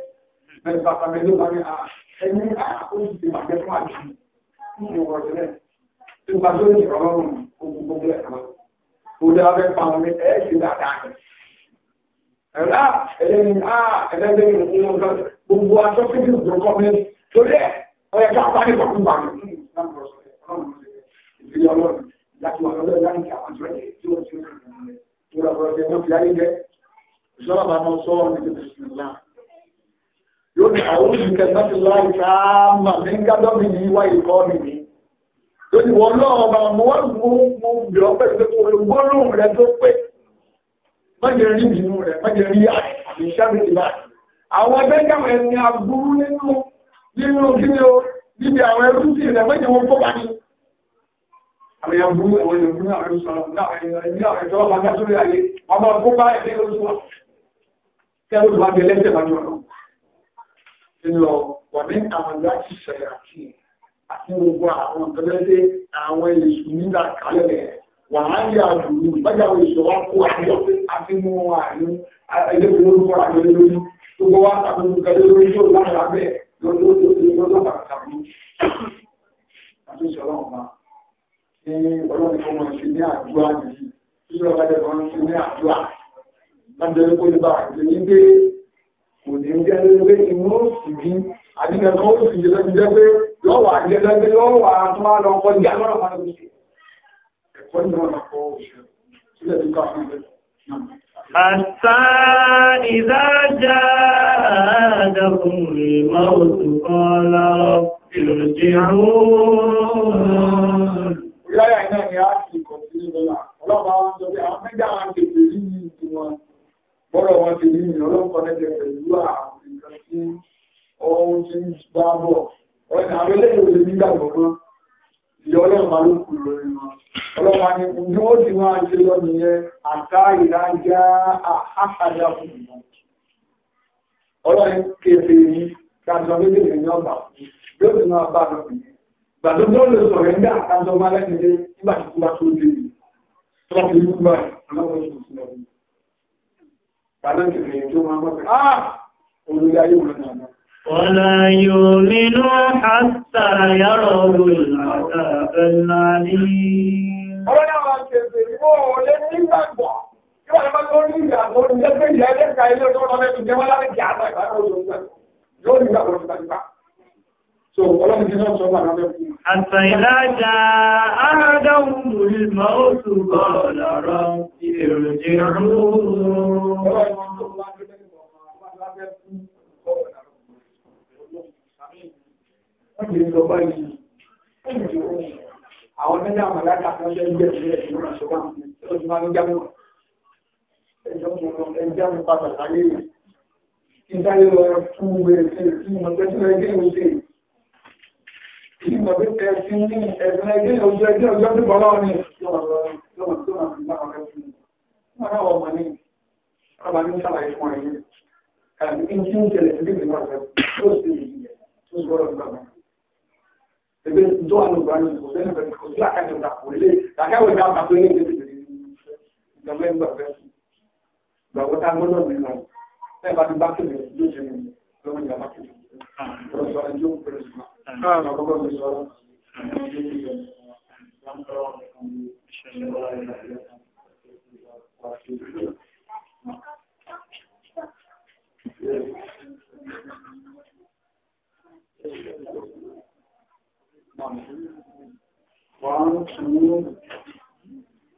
Then Papa Mendo Bami are any account to my get much. You were there. To my story, you are wrong. Who will be ẹ̀rá ẹ̀lẹ́ni á ẹ̀lẹ́ni ìrìn ọ̀gá gbogbo asọ́síbí ìgbòkọ́ mi torí ẹ̀ ọ̀yẹ̀ ká bá nípa fún bàmí ìdílé ọlọ́run láti wà lọ́dọ̀ láti àwọn tó rẹ̀ tí wọ́n ti rìn tó yóò ní àwọn olùkẹ́ láti lọ àìsà mà mí ń gádọ́ wá ìkọ́ mi ní lónìí wọn lọ́ọ̀ bá mọ́ wọn mú mi ọ̀pẹ̀ tó gbólóhùn rẹ̀ tó pé mọ́jẹ̀ rí ìbínú rẹ̀ mọ́jẹ̀ rí àìṣàbìtì láti àwọn ẹgbẹ́gbẹ̀mọ̀ ẹni agbúrú nínú nínú kíni o níbi àwọn ẹrú sí rẹ̀ mọ́jẹ̀ wọn kó bá ní àwọn ẹgbẹ́gbẹ̀mọ̀ ẹni agbúrú nínú àwọn ẹrú sọ̀rọ̀ náà ẹni àwọn ẹ̀tọ́ ọmọ akásórí ayé ọmọ kó bá ẹgbẹ́ lóṣù wọn kẹ́rù tó bá bẹ lẹ́sẹ̀ bá jọ lọ nínú wọ̀n ní àwọn láti ṣẹlẹ̀ àti àti gbogbo àwọn tọ́lẹ́dẹ́ àwọn èṣù nígbà kálẹ̀ wàhálì àdúgbò gbájáwé ìṣòwò kó àjọ pé àfihàn wọn àyọ ẹgbẹ́ olórúkọ àjọ lórí gbogbo wa àbúrò kẹlẹ lórí yóò lára bẹ́ẹ̀ lọ́dọ̀ lọ́dọ̀ pàtàkì àtúnṣe ọlọ́run bá ní ọlọ́run tó wọn ṣe ní àdúrà nìyí tí ó bá jẹ́ wọn ṣe ní àdúrà lábẹ́ ẹgbẹ́ olùbá àti ní pé kò ní jẹ́ pé inú òsì bí àdínkẹ́kọ̀ọ́ òsì jẹ́ pé lọ́wọ́ àjẹ́lẹ́gbẹ́ lọ́wọ́ àtúnwá lọ́kọ́ ìyá lọ́rọ̀ حتى إذا جاءهم الموت قال رب ارجعون Ìyáyà iná ni a ti kọ̀ sí ìrọ̀lá. Ọlọ́pàá wọn sọ pé àwọn mẹ́jà wọn ti pè ní ìtù wọn. Bọ́rọ̀ wọn ti ní ìrìn ọlọ́pàá lẹ́jẹ̀ pẹ̀lú àwọn nǹkan tí ó ti ń bá bọ̀. Ọ̀nà àwọn eléyìí ò lè nígbàgbọ́ náà. ìyọ́ ọlọ́pàá ló kù lórí wọn ọlọ́pàá ni ní ó ti máa lọ ní ọgbà yóò ti máa bá lọ sí gbàdó tó lè sọ̀rọ̀ ẹ̀ńdà kájọ máa lẹ́nu dé nígbà tí kúbá tó dé tó náà ولا يؤمنوا حتى يروا العذاب العليم حتى إذا جاء أحدهم الموت قال رب ارجعون wọ́n lọ bá yìí àwọn tẹ́lẹ̀ àwọn aláta kan jẹ́ ìjẹ́ ìjẹ́ ìjọba ìjọba ìjọba ìjọba ìjọba ìjọba ìjọba ìjọba pàtà láyé ìdáyé lọ fún wẹ̀rẹ̀ sí ìmọ̀ tẹ́sílẹ̀ ẹgbẹ́ ìwé ìmọ̀ tẹ́sílẹ̀ ẹgbẹ́ ìwé ọjọ́ ẹgbẹ́ ọjọ́ tó bọ́ láwọn ní ìjọba ìjọba ìjọba ìjọba ìjọba ọmọ ní ọmọ ní sàlàyé fún ẹ̀yẹ kàbí kí n tí ń ebe tó wà lóògbà ní kò sẹ́ni bẹ̀rẹ̀ kò sí àkàtà ìgbà kò lè àkàwé ìgbà àgbà tó ní ìdíje ìdíje ìjọba ìgbà bẹ́ẹ̀ gbà wọ́n tá gbọ́dọ̀ mi lọ bẹ́ẹ̀ bá ti bá kéde ló ṣe mi lọ́wọ́ ìgbà bá kéde Thank you. One, two,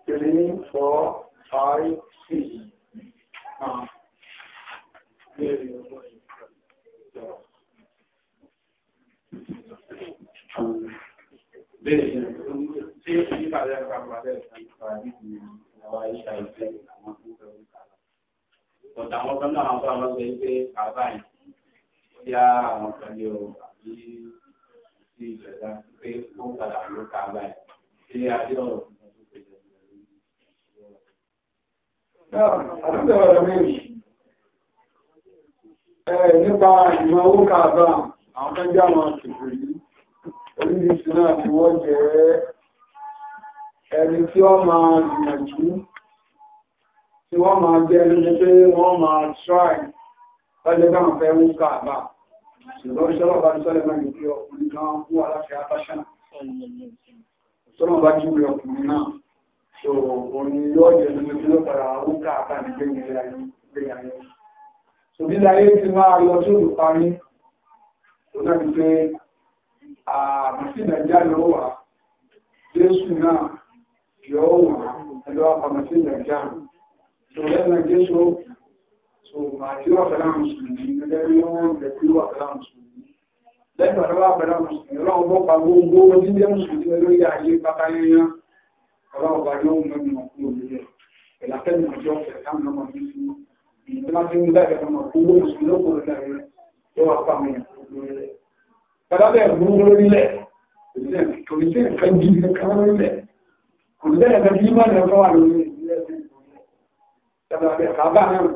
three, four, five, six. Ah. There you go. Bẹ́ẹ̀ni, tí ìpàdé àpapàdé ìpàdé ìwà ìṣà ìfẹ́ àwọn akúkẹ́ òkúta. Ọ̀tà àwọn kan náà wọ́n fọ́ àwọn ọ̀sẹ̀ ìpé àbáyìn, ó yá àwọn kan ní ọ̀rọ̀ pé ó ń padà ló ká báyìí ṣé adé ọ̀rọ̀ àtúntò ọ̀rọ̀ méjì nípa ìmọ̀ owó kàbá àwọn fẹ́jọ́ àwọn àṣìkò yìí oríṣiríṣi náà tí wọ́n jẹ́ ẹni tí wọ́n máa gbìyànjú tí wọ́n máa jẹ́ ẹni pé wọ́n máa try lọ́jọ́ báwọn fẹ́ wú kàbá ṣùgbọ́n iṣẹ́ ọba ní sọ́lẹ̀ máa ń gbé ọkùnrin kan kú aláṣẹ apáṣán sọ́nà bá jù ọkùnrin náà so òní yóò jẹ́ nínú tí ló padà wá wúkà àtàní gbẹ̀yìn ayé òbí láyé ti máa lọ tí ó parí ó náà ti pé àbùsí nàìjíríà so àti wà pẹ̀lú àwọn mùsùlùmí gẹ́gẹ́ bí wọ́n rẹ̀ pé wà pẹ̀lú àwọn mùsùlùmí lẹ́yìn ọ̀dọ́ wà pẹ̀lú àwọn mùsùlùmí ọlọ́run bọ́ pa gbogbo tí jẹ́ mùsùlùmí lórí ayé pátá yẹn ọlọ́run bá yóò mú ẹnu ọkùn òbí rẹ̀ ìlàkẹ́ni àjọ ọ̀fẹ́ táwọn ọmọ mi fi ìdí máa ti ń dá ìfẹ́ ọmọ gbogbo mùsùlùmí lóko lórí ayé tó wà pa mi kàdábẹ̀ gbogbo lórílẹ̀ kò ní sí nǹkan jí nǹkan lórílẹ̀ kò ní sẹ́yìn kan jí má nǹkan wà lórí ilẹ̀ kàdábẹ̀ kábà náà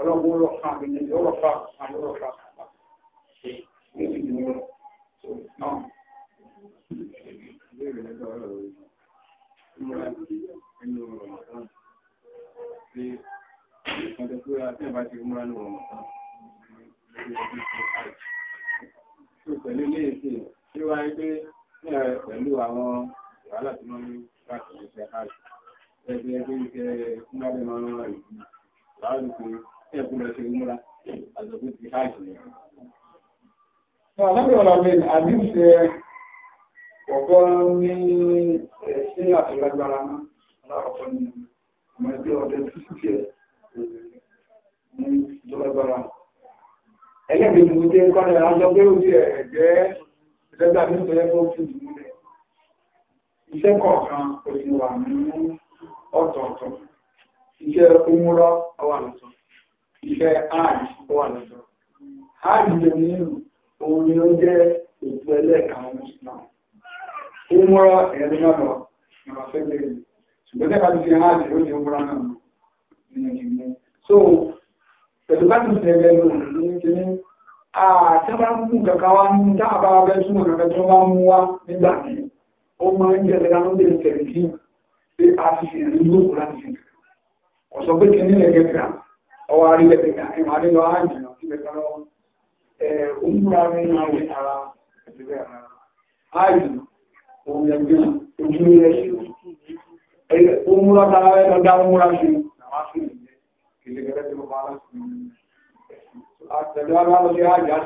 ọlọ́run rọ̀ fún àmì ní ọ̀rọ̀ fà àmì ọ̀rọ̀ fà ṣe ní ìdí wọn tó náà. Ìbéèrè nípa ọ̀rọ̀ rẹ̀ múra nínú Ramadan pé ọjọ́ tó yà tí ẹ̀ bá ti múra nínú Ramadan tó pẹ̀lú ilé ìsìn tí wáyé pé pẹ̀lú àwọn wàhálà tí wọ́n ní láti ṣe láàrúkú ẹ̀kú lọ sí múra àtọ̀kú ti káàkiri. Àlábẹ̀ ọ̀la mi ṣe ọ̀gọ́ ní àtìlágbára ní iṣẹ́ umúrọ́ ọwà lọ́tọ̀ iṣẹ́ hajj ọwà lọ́tọ̀ hajj lè ní ìlú òun ni ó jẹ́ ètò ẹlẹ́ẹ̀ka mùsùlùmá umúrọ́ ẹ̀rí náà lọ nípa fẹ́lẹ̀ rẹ̀ ṣùgbọ́n tẹ́ka so pẹ̀lú bá ti tẹ̀lé lọ ní kíní àtẹ́bá ń mú kankan wá ní dáàbá abẹ́ súnmọ̀ kankan tó bá mú wá nígbà tí ó máa ń jẹ́ lẹ́gbàá ló dé tẹ̀lé kí pé a ti fi ìrìn lókun láti fi kankan ọ̀sọ̀ pé kìíní lè gẹ̀gà ọwọ́ arílẹ̀ gẹ̀gà ìwà nílò àjìnà tí bẹ̀ tọ́lọ́ ọmúra rẹ̀ náà wẹ̀ ara ẹ̀dẹ̀rẹ̀ ara àjìnà òun ẹgbẹ́ ojú rẹ̀ ṣe ọmúra tara rẹ̀ lọ dá ọmúra ṣe àwọn aṣèlú ilẹ̀ gẹ̀rẹ́ tí mo bá láti àtẹ̀lẹ́ ara lọ sí àjà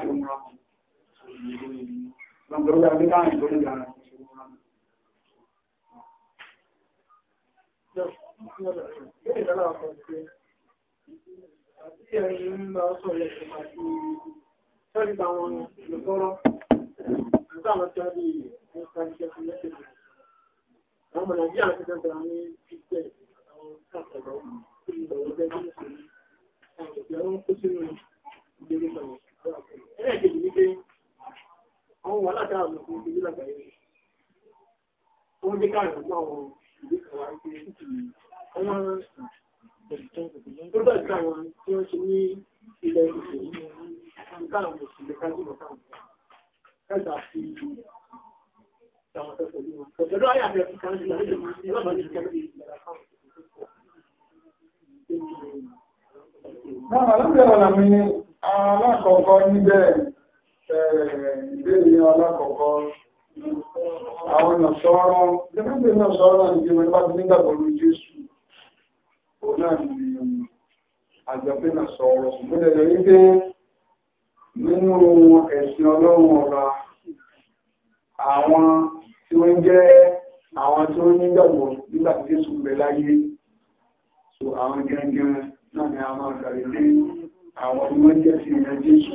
Àwọn wà látàrí àwọn òṣèlú lágbàáyé. Wọ́n dé káàkiri àwọn àwọn olùgbà tí àwọn tí wọ́n ṣe ní ilẹ̀ ìṣẹ̀ yìí káwọn mùsùlùmí kájú lọ káwọn kájà fi àwọn akẹ́kọ̀ọ́ yìí wọn. ọ̀dọ́dọ́ ayé àti ẹ̀fọ́ kan ní ìlànà ìjọba ìlànà ìjọba ìlànà káwọn. Náà lókè ọ̀nà mi ni alákọ̀ọ́kọ́ níbẹ̀ ìbéèrè alákọ̀ọ́kọ́ àwọn nàṣọ́rọ̀ gẹ́gẹ́ nàṣọ́rọ̀ ní ìwé bá ti nígbàgbọ́ lórí Jésù òun náà ni àjọpé nàṣọ́rọ̀ múlẹ̀ lọ wípé nínú ẹ̀sìn ọlọ́run ọba àwọn tí wọ́n jẹ́ àwọn tí wọ́n nígbàgbọ́ nígbà tí Jésù bẹ láyé so àwọn gẹ́gẹ́ náà ni a máa gbàgbé àwọn tí wọ́n jẹ́ sí ìyẹn Jésù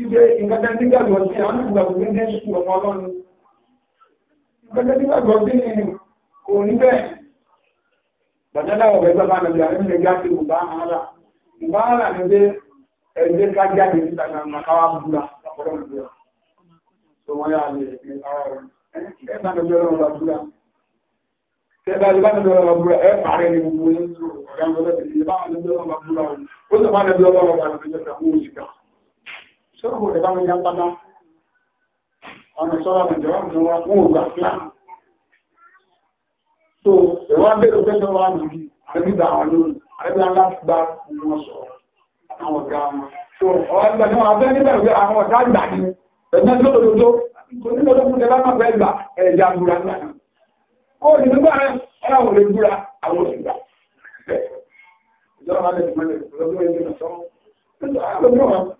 ṣíṣe ìgbẹ́gbẹ́ nígbàgbọ́ sí àwọn ìgbàgbọ́ ní ní ṣùgbọ́ ọmọ ọlọ́run ìgbẹ́gbẹ́ nígbàgbọ́ sí ni kò ní bẹ́ẹ̀ bàtẹ́lá ọ̀gbẹ́ bàbá nàbí àwọn ilẹ̀ gáàsì bùbá àárà bùbá àárà ni pé ẹgbẹ́ ká jáde níta náà mà káwá búra ọ̀pọ̀lọ́ nàbíyà tó wọ́n yà lè ní ara rẹ̀ ẹ̀ bá nàbí ọlọ́run bá búra tẹ́ bá nàbí ọlọ́run bá búra ẹ̀ pàrẹ́ ni gbogbo yẹn ń lò ọ̀gá ọlọ́run bá búra ó sì má nàbí ọlọ́run bá nàbí ọlọ́run bá nàbí ọlọ́run sọ́rọ̀ rẹ̀ bá ń yá pátá ọ̀nà sọ́rọ̀ rẹ̀ jọ ní wọn fún ògbà fíà tó ẹ̀wọ́n bẹ̀rẹ̀ pẹ́ sọ́rọ̀ wà níbi àrẹ́bíbà àwọn lórí àrẹ́bíbà ńlá gba wọn sọ̀rọ̀ àwọn ọ̀gá wọn tó ọ̀rọ̀ ẹgbẹ̀ ní wọn abẹ́ níbẹ̀ wí àwọn ọ̀gá gbà ní ẹ̀gbẹ́ tó lòdò tó kò ní lọ́dọ̀ fún ẹgbẹ́ máa fẹ́ gbà ẹ̀ẹ́dà gbúra ńlá ó ní nígbà rẹ̀ ọ̀rọ̀ àwọn olè gbúra àwọn òṣìgbà ìjọba máa lè fún ẹgbẹ́ ìjọba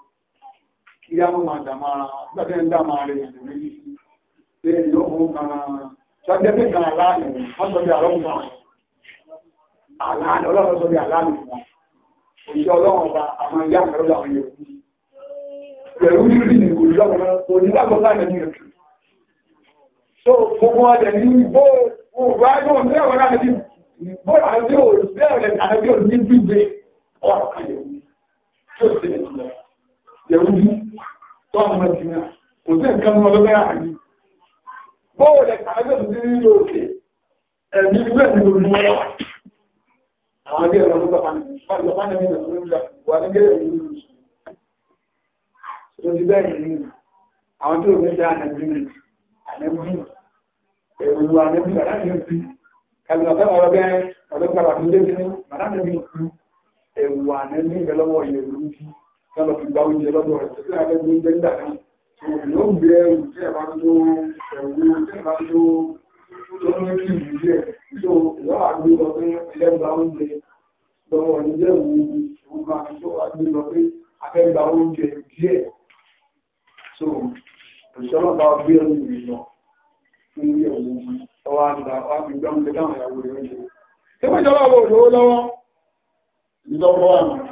kí á máa dàmà gbẹ́gbẹ́ ń dàmà rẹ̀ ìrìn méjì pé ìlọ́kùn kan ṣàgbẹ́gbẹ́ kan aláàlẹ̀ wọ́n sọ bí àlọ́kùn kan aláàlẹ̀ ọlọ́run sọ bí aláàlẹ̀ wọn òṣìṣẹ́ ọlọ́run ọba àwọn ìyá àkàrọ̀ làwọn yẹ̀wò pẹ̀lú rírì ní kò lọ́kùn onígbàgbọ́ láàrin ní ẹ̀kú so gbogbo ọdẹ ní bó wà yóò ní ẹ̀wọ̀n náà ní bó àti òṣìṣẹ́ ọ̀rẹ́ àti gbígbé ọ̀rọ̀ kan yẹ̀wò tí ó yẹ̀wúdí tó àwọn mẹ́tìnà kò sí nǹkan mọ́ lọ́gbẹ́ àyí bóòlẹ̀ kàájọ́sù sí nílò òkè ẹ̀mí ìgbẹ́ ní orí wọn lọ́wọ́ àwọn ẹgbẹ́ ẹ̀rọ lọ́gbà pánẹ́mì ìlú wà ní gẹ́gẹ́ ìlú tó ti bẹ́ẹ̀ ní àwọn tó ní ṣe ànẹ́bìnrin ànẹ́bìnrin èrò ànẹ́bìnrin àdáni ń fi kàlùkàfẹ́ ọlọ́gbẹ́ ọlọ́gbà pàtó lé kálọ̀ fi gba oúnjẹ lọ́dọ̀ rẹ̀ tẹ́lẹ̀ abẹ́gbẹ́ oúnjẹ ńdà náà yóò gbé ẹrù tí ẹ tó ẹ̀wù tí ẹ tó lọ́nà kí ìlú jẹ́ tó lọ́wọ́ àgbé lọ pé ẹlẹ́gba oúnjẹ lọ́wọ́ níjẹ́ ìwú ìwúgbà tó àgbé lọ pé abẹ́gba oúnjẹ díẹ̀ tó òṣèlọ́ bá gbé ẹrù rẹ̀ fún ilé ọ̀wọ́ ọwọ́ àgbà wà fi gbọ́n pé dáhùn ìyàwó rẹ̀ oúnjẹ. Ṣé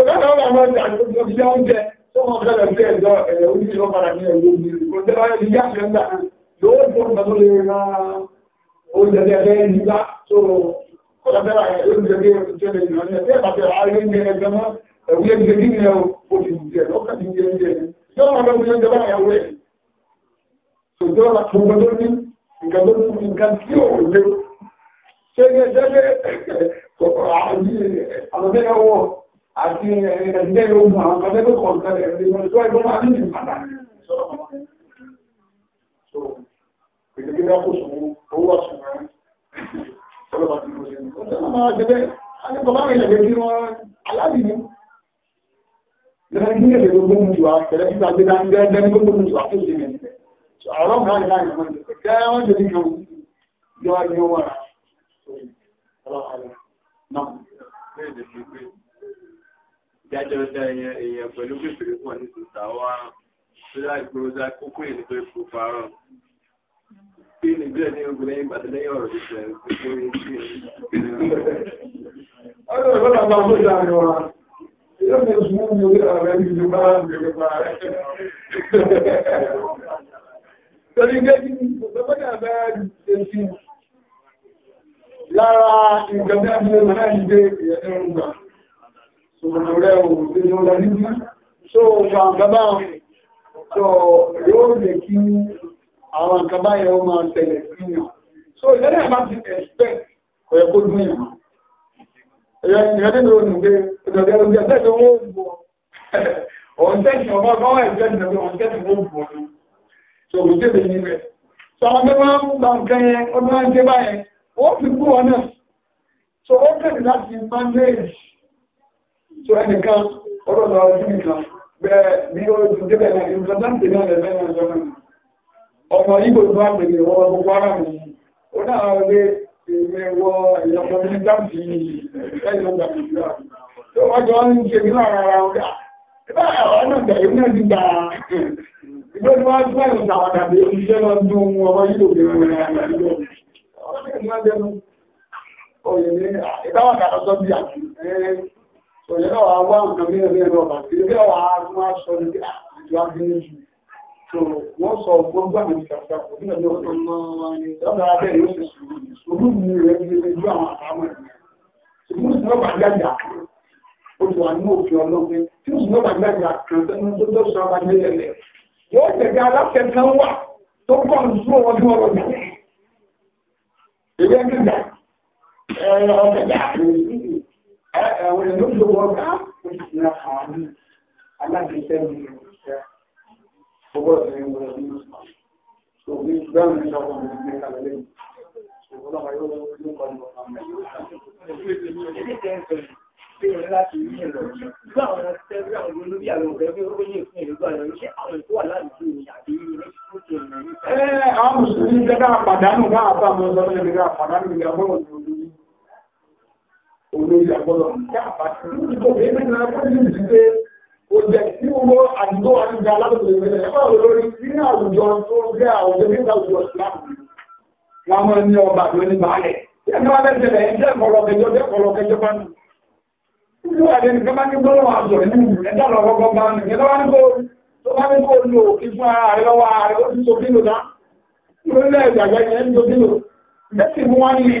Ọ̀gá àwọn ọmọ ọjà tó ti jẹ oúnjẹ tó wọ́n kẹ́lẹ̀ sí ẹ̀jọ́ ẹ̀rẹ̀ oúnjẹ lọ padà ní ẹ̀yọ́ mi. Ìgbọ́njẹ́ bá yẹ ti yá ṣe ń gbà yóò tó ń tọ́tọ́ lè ra oúnjẹ bí ẹgbẹ́ yìí bá tó kọ́lá fẹ́ ra oúnjẹ bí ẹgbẹ́ yìí lọ ní ẹgbẹ́ bá fẹ́ ra oúnjẹ ẹgbẹ́ mọ́ ẹ̀wúyẹ́ oúnjẹ bí ní ẹ̀wọ̀ oṣù jẹ lọ́kà ti jẹ oúnjẹ yóò máa lọ oúnjẹ bá yà wẹ̀. Ṣòjọ́ la tó gbọ́ tó ní nǹkan tó ní nǹkan tí ò lè ṣe ní ẹjẹ́ àti ẹgbẹ́ ogun àwọn akẹ́kọ̀ọ́ kọ̀ọ̀kan rẹ̀ ní wọn tó ẹgbẹ́ máa ní ìlú padà sọ̀rọ̀ wọn. so gbèdégbèdé kò sùn owó ọ̀sùn rẹ̀ ọlọ́pàá ti lóṣẹ̀ ní. ó tẹ́lẹ̀ máa jẹ́bẹ́ akẹ́kọ̀ọ́ bá rìn lẹ́gbẹ̀ẹ́ bí wọ́n aládìní. lẹ́yìn ìgbésẹ̀ gbogbo mu jù wá tẹ̀lẹ́ nípa gbé dání gẹ́gẹ́ ní gbogbo mu jù wá tó ṣe yẹn. ọ̀rọ̀ mìíràn dájọ́ dá èèyàn pẹ̀lú pèpèrè pọ̀ ní tòta wá sílá ìgbòròdá kókó èyí tó ipò parọ́ bí nìgbẹ́ ní ogun lẹ́yìn ìgbà tẹ́lẹ́yìn ọ̀rọ̀ tó ṣẹlẹ̀ pé ọ̀rọ̀ ìgbọ́dọ̀ bá wọ́n dá rẹ̀ wá yóò fi oṣù mú mi orí ọ̀rẹ́ mi ló bá mi lè pa rẹ̀. torí gẹ́gẹ́ bí ìgbọ́dọ̀ bá ṣe sí lára ìgbàgbé àbúrò náà ń gbé ìyẹn tó òun rẹ̀ òun tí ó lọ nínú so fa gaba so yóò lè kí àwọn gaba yẹ ó máa tẹ̀lẹ̀ fíyàn so ìlẹ́lẹ̀ bá ti ẹ̀ṣẹ́ ọ̀yẹ́ kó dún ìmọ̀ ẹ̀yẹ́ ìrẹ́lẹ́ ló nù pé ìdọ̀dẹ̀ ọjọ́ tẹ́lẹ̀ owó ògbò ọ̀n tẹ́lẹ̀ ọmọ ọgbọ́n ẹ̀jẹ́ ìdọ̀dẹ̀ ọ̀n tẹ́lẹ̀ owó ògbò so kò tẹ́lẹ̀ yìí rẹ̀ so àwọn tó máa ń gba nǹkan yẹn ọdún máa ń jẹ báyẹn ó fi kú ọ náà so ó tẹ̀lẹ̀ láti manage tó ẹnìkan ọ̀rọ̀ lọ ọdún nìkan bẹ́ẹ̀ bí ó ti débẹ̀ náà nǹkan tó ń tẹ̀lé ọ̀rẹ́ bẹ́ẹ̀ náà jọ́nà ọmọ ibo tó wà pẹ̀lú ìwọ gbogbo ara mi ó náà lé èmi wọ ìyàpọ̀ ní dáǹtì ẹ̀yọ́ gbà nàìjíríà tó wọ́n jọ ń ṣe ní lára ara ọ̀dà ìbá ọ̀nà ìgbà yìí náà ti gbà ìgbẹ́ tí wọ́n tún ẹ̀yìn tàwàdà bí iṣẹ́ lọ dún ọmọ ibo bí wọ́n rẹ̀ àgbàdo ọ̀rẹ́ ìgbà jẹ́nu ọ̀yẹ̀ ní ìtawàdà lọ́sọ́ bí àti Òyìn náà wà wá nǹkan bí ẹgbẹ́ ẹgbẹ́ ọba, kìí bí ọwà àwọn aṣọ ní bí ah, àjọ abínú jù. So, wọ́n sọ ọgbọ́n gbà mí kàkà kò ní ọjọ́ ọ̀sán. Lọ́nà abẹ́ yóò ṣe sùúrù. Sùúrù mi rẹ̀ ń gbé ju àwọn èèyàn ló wọ́n ká ìsinmi àwọn aláìsẹ́ mi ìṣẹ́ owó ọ̀sẹ̀ ìwọ̀n ní òbí gbẹ́rùn ní ọkọ̀ mi ní kalẹ̀ lẹ́yìn ṣùgbọ́n ọmọ yóò lọ sí ọkọ̀ ní ọkọ̀ mi. Ilé ìjẹ́ ń sọ̀rọ̀ bí o láti rí ẹ̀rọ ìgbà àwọn ọ̀sẹ̀ bí àwọn olóbí àwọn ọ̀rẹ́ bí ó yẹ fún ìlú àwọn iṣẹ́ àwọn ìkó wà láàbùkù ní àbí ilé ìṣòro. Ẹ àwọn mùsùlùmí jẹ́ ká pàdánù ká àtàwọn olórí àgbọ́dọ̀ kí àpàtì ìbò bèbè náà tó ní ọba àti oní baálẹ̀ bẹ́ẹ̀ tẹ̀lé ẹjẹ́ kọlọkẹjọ jẹ́ kọlọkẹjọ bá nù. ìlú àdé nìkan bá ní gbọ́dọ̀ àjọ nínú ẹ̀dá lọ́gọ́gọ́ bá nù ẹ̀dá ní kó lò kí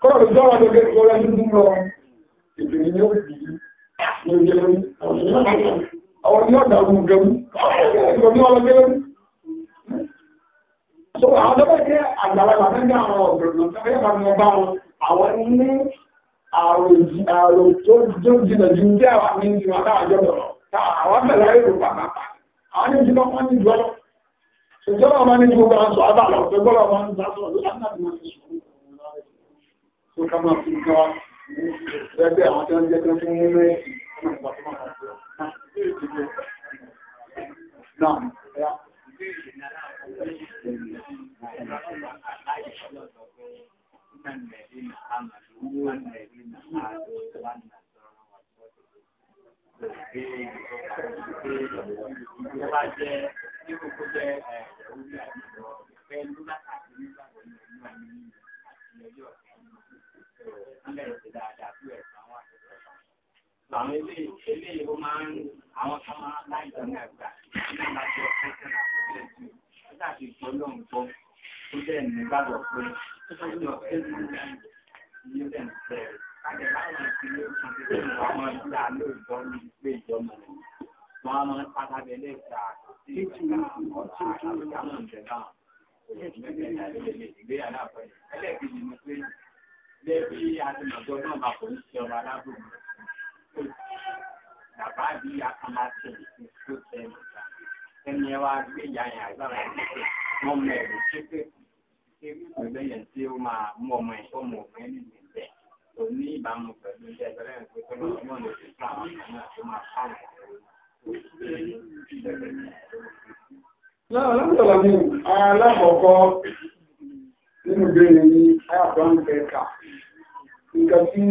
Kọ́ọ̀lù sọ́wọ́ tó gẹ́gẹ́ kọ́ra ní mú lọ ìbìrì ní òbí ní oye lórí. Àwọn ní ọ̀dà ọmọ gẹ̀mú. Ìgbò ní ọlọ gẹ́gẹ́ mú. So àwọn tó bẹ́ẹ̀ àgbàlagbà fẹ́ ní àwọn ọ̀gbẹ̀rún tó fẹ́ máa ń bá wọn. Àwọn ní àrò tó jìnà jù ń jẹ́ àwọn àmì ìjìnà láàjọ́ lọ. Àwọn bẹ̀rẹ̀ ayé kò pàpàpà. Àwọn ní ìjìnà wọn ní ìjọ lọ. Ṣèjọba máa ní gbogbo àwọn sọ tó ká máa fi ká ẹgbẹ́ àwọn tí wọ́n jẹ́ tó ń fún mímú Thank you ilẹ̀ ìṣe a máa ń padà bẹ̀ ni pé lẹ́bí àtìmọ̀jọ náà máa kò ní ṣe ọmọ alábòmí bàbá àbí akamásẹ̀ tó tẹ̀lé ẹni ẹ wá gbé ìyá yẹn àgbàrá yẹn wọ́n mọ ẹ̀rù ṣépè ṣépè pẹ̀lú ẹ̀yẹn tí ó máa mú ọmọ ẹ̀ ọmọ ọ̀gbẹ́ nínú ìbẹ̀ tó ní ìbámu pẹ̀lú ilé ẹgbẹ̀rẹ̀ ẹ̀ pé tọ́lọ́ ọmọ ní ti fún àwọn ọmọ náà tó máa fáwọn náà lọ́pọ̀lọpọ̀ alákọ̀ọ́kọ́ nínú ìbéèrè ní ayàtọ̀ ń kẹta nǹkan tí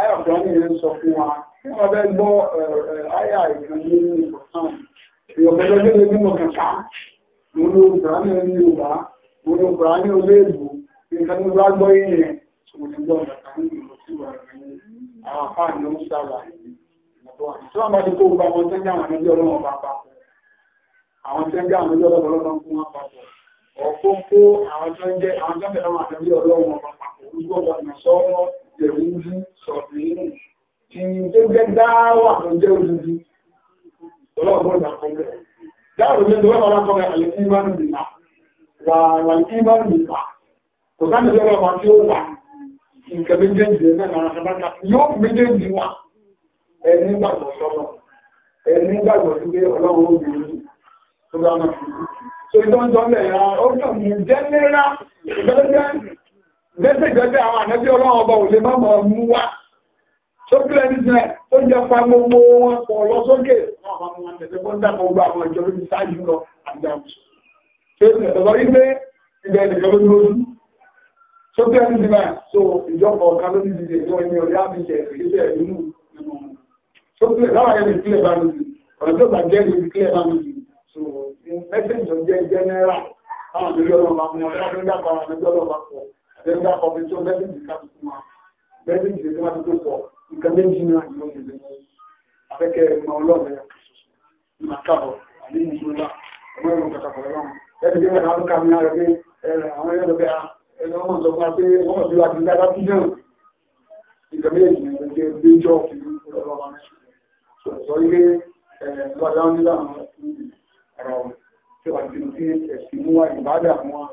ayọ̀ kan ní ìyẹn sọ fún wa kí wọ́n bẹ́ gbọ́ eh, eh, ayà ìkan ní ìbọ̀sán ìyọ̀kọ́jọ́ gbé lé nínú kàkà mo ní yorùbá mo nǹkan bá gbọ́ yẹn tó mo ti gbọ́ kàkà ní àwọn afáà ni ó ń sábà tí wọ́n bá ti kó gba àwọn jẹ̀rújú sọ̀rọ̀ ìyìn tó jẹ́ dáwà tó jẹ́ òjòjú ọlọ́gbọ́n ìdàkọ́gbẹ̀. Dáàrù tó ẹni gbàgbọ́ sọ́lọ́, ẹni gbàgbọ́ sí pé ọlọ́run ó gbìyànjú tó bá máa fi. So ìtọ́jọ́ mẹ́ra, ó kàn jẹ́ mẹ́ra, ìgbẹ́lẹ́gbẹ́ lẹ́sẹ̀gbẹ́sẹ̀ àwọn ànábí ọlọ́run ọba ò lè má mọ̀ mú wá sókè ẹni jẹ ó jẹ pa gbogbo wọn pọ̀ lọ sókè àwọn ọmọ tẹ̀sẹ̀ wọ́n dá gbogbo àwọn ìjọ lórí sáájú lọ àdáàbò ṣe ìṣẹ̀lẹ̀ lọ rí pé ìgbẹ́ ìdìkan lójú lójú sókè ẹni jẹ náà so ìjọba ọ̀kan lórí ìdíje ìjọ ẹni ọ̀rẹ́ àbíjẹ ìgbésẹ̀ ìlú sókè láwọn ẹni ìpínlẹ̀ bá mi ọ̀rẹ́ tó bá jẹ́ ìpínlẹ̀ bá mi so mẹ́sẹ̀jọ jẹ́ jẹ́nẹ́rà àwọn ìjọba ọ̀kan lórí ìdíje ìjọ ẹni ọ̀rẹ́ àbíjẹ ìgbésẹ̀ ìlú lẹ́gbà ọ̀bẹ tó mẹ́lìdì káàkiri wọn mẹ́lìdì tó wá tó pọ̀ nǹkan méjì náà ni wọ́n lè afẹ́kẹ́ ẹ̀ma ọlọ́run ẹ̀yà ah, máa kábọ̀ àbí ìṣúná ọmọ ẹ̀rọ kàkàkọ̀ ọlọ́run ẹni bí wọn àwọn kàmí ara pé àwọn ẹ̀rọ bẹ ẹni wọn sọ fún wa pé wọn bí wa ti ń dára fún jẹun nǹkan méjì ni wọ́n jẹ́ bí jọ́ fi ọlọ́run sọ ilé lọ́dọ̀ nígbà àwọn ọ̀rọ̀ tí wà ti ń fi ẹ̀sìn mú wa ìbádà wọn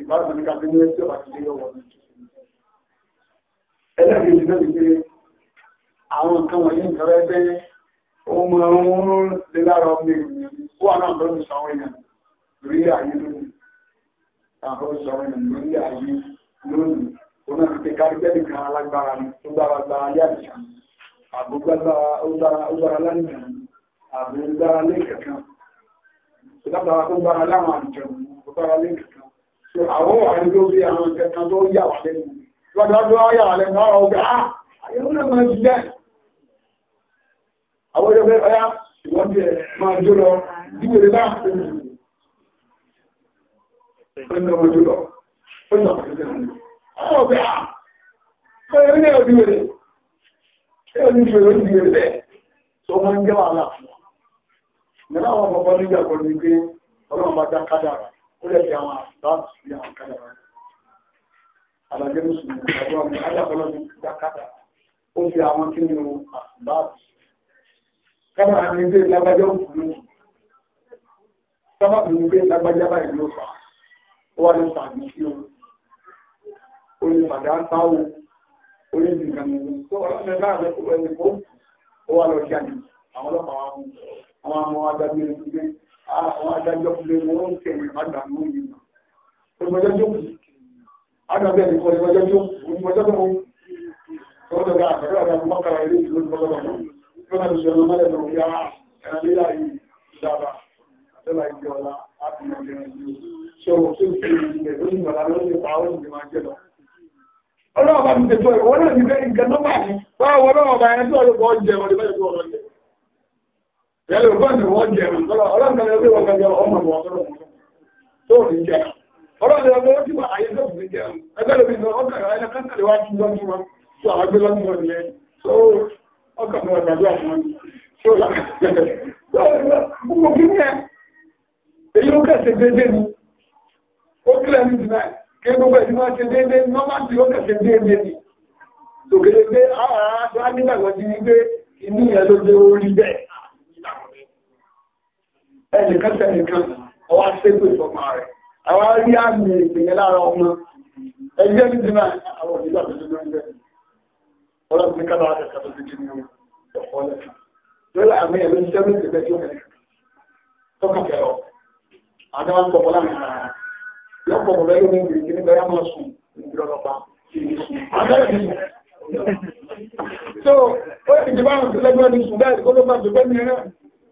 ìbára ní kàbí ní ẹjọ́ àti ilé ọwọ́ ẹlẹ́gbẹ̀ẹ́ ìjọba ìgbé àwọn nǹkan wọ̀nyí nǹkan rẹ̀ pé ó mọ ohun lè lára ọmọ ènìyàn ó wà náà lọ́dún sàwọn èèyàn rí ààyè lónìí àwọn sàwọn èèyàn rí ààyè lónìí ó náà ti kárí bẹ́ẹ̀ nìkan àwọn wà ní lórí àwọn ìkẹta tó yà wà lẹ́nu lọ́dọ̀ yà wà lẹ́nu ọ̀rọ̀ ọgbà àyẹ̀wò náà ti jẹ́ àwọn ọjọ́ pé ọyá ìwọ́n ti máa jó lọ dígbèrè bá Ọjọ́ ó lè fi àwọn àbáàbù sí àwọn kádàrá àlàjé mùsùlùmí àjọ àmì ajábọ́lọ́ ní jákàtà ó fi àwọn kí ni àbáàbù sí kádàrá ní ilé lágbájá òkú lónìí sábàbù ní ilé lágbájá báyìí ló fà ó wà o ó ní ẹni gbé àwọn adájọ́ lè wọ́n ń tẹ̀wé àgbà lóhùn yìí nà olùmọ̀jọ́ tó kù àgbà bẹ́ẹ̀ ni kọ́ olùmọ̀jọ́ tó kù olùmọ̀jọ́ tó kù tọ́wọ́dọ̀ gá àgbàdo àgbà tó mọ́kàrà ilé ìlú olùmọ̀jọ́ tó kù lọ́nà tó sọ̀rọ̀ mọ́lẹ̀ lọ́wọ́ yá ẹ̀rọ lé láyé ìjọba àtọ́lá ìjọ ọ̀la àtìmọ̀lẹ̀ ṣọ̀rọ̀ tó kù ìgbẹ̀ lórí ìwọ̀lá lórí ipa ó sì máa jẹ́ lọ. ọlọ́ọ̀bá mi tẹ̀tọ́ ìwọ́n náà ti fẹ́ ìgbẹ́ nọ́mbà ni báwo ọlọ́ọ̀bá ẹni tó ọlọ́ọ̀bá ọjẹ́ ọdẹ bẹ́ẹ̀ tó ọlọ́ọ̀jẹ́ Yẹ́lẹ̀ ọgbọ́n ni wọ́n jẹ ọlọ́run kan lọ́wọ́ ọmọ ọmọ ọmọ ọmọ tó rí jẹ. Ọlọ́run lọ́wọ́ tí wọ́n ayé tó rí jẹ. Ẹgbẹ́ lóbi náà ọkà ẹ̀rọ kankanlẹ̀ wá tún lọ́dún wọn tó àwọn gbé lọ́dún wọn yẹn tó ọkà mọ́ ọ̀gbàdúrà fún wọn. Tó lọ́wọ́ gbogbo kí ni ẹ? Èyí ó kẹ̀sẹ̀ déédéé ni. Ó kílẹ̀ ní ìdìbò kí gbogbo ẹ̀sìn máa ṣe déédéé ní wọ́n máa ti ó kẹ̀sẹ̀ déédéé ni. Tòkèlè pé àwọn ẹnìkan tẹnìkan ọwá ṣépè fọmọ rẹ̀ àwọn rí àmì ìpìnyẹ lára ọmọ ẹgbẹ́ ní dínà àwọn òbí àti dínà ẹgbẹ́ ọlọ́pàá ní kábàá àti kàtó dídí ní ọ̀pọ̀ lẹ́ka lọ́la àmì ẹ̀lú iṣẹ́ ní ìpìlẹ̀ tí ó mẹ́rin tọ́ka kẹrọ àdáwà ń pọ̀pọ̀ láàrin ara yọ pọ̀pọ̀ lẹ́yìn ní ìgbìyànjú nígbà yà máa sùn ìgbìyànjú ọlọ́pàá so ó yẹ kìjọba àwọn ìpínlẹ̀ gbọ́dọ̀ sùn bẹ́ẹ̀ kó ló bá jù bẹ́ẹ̀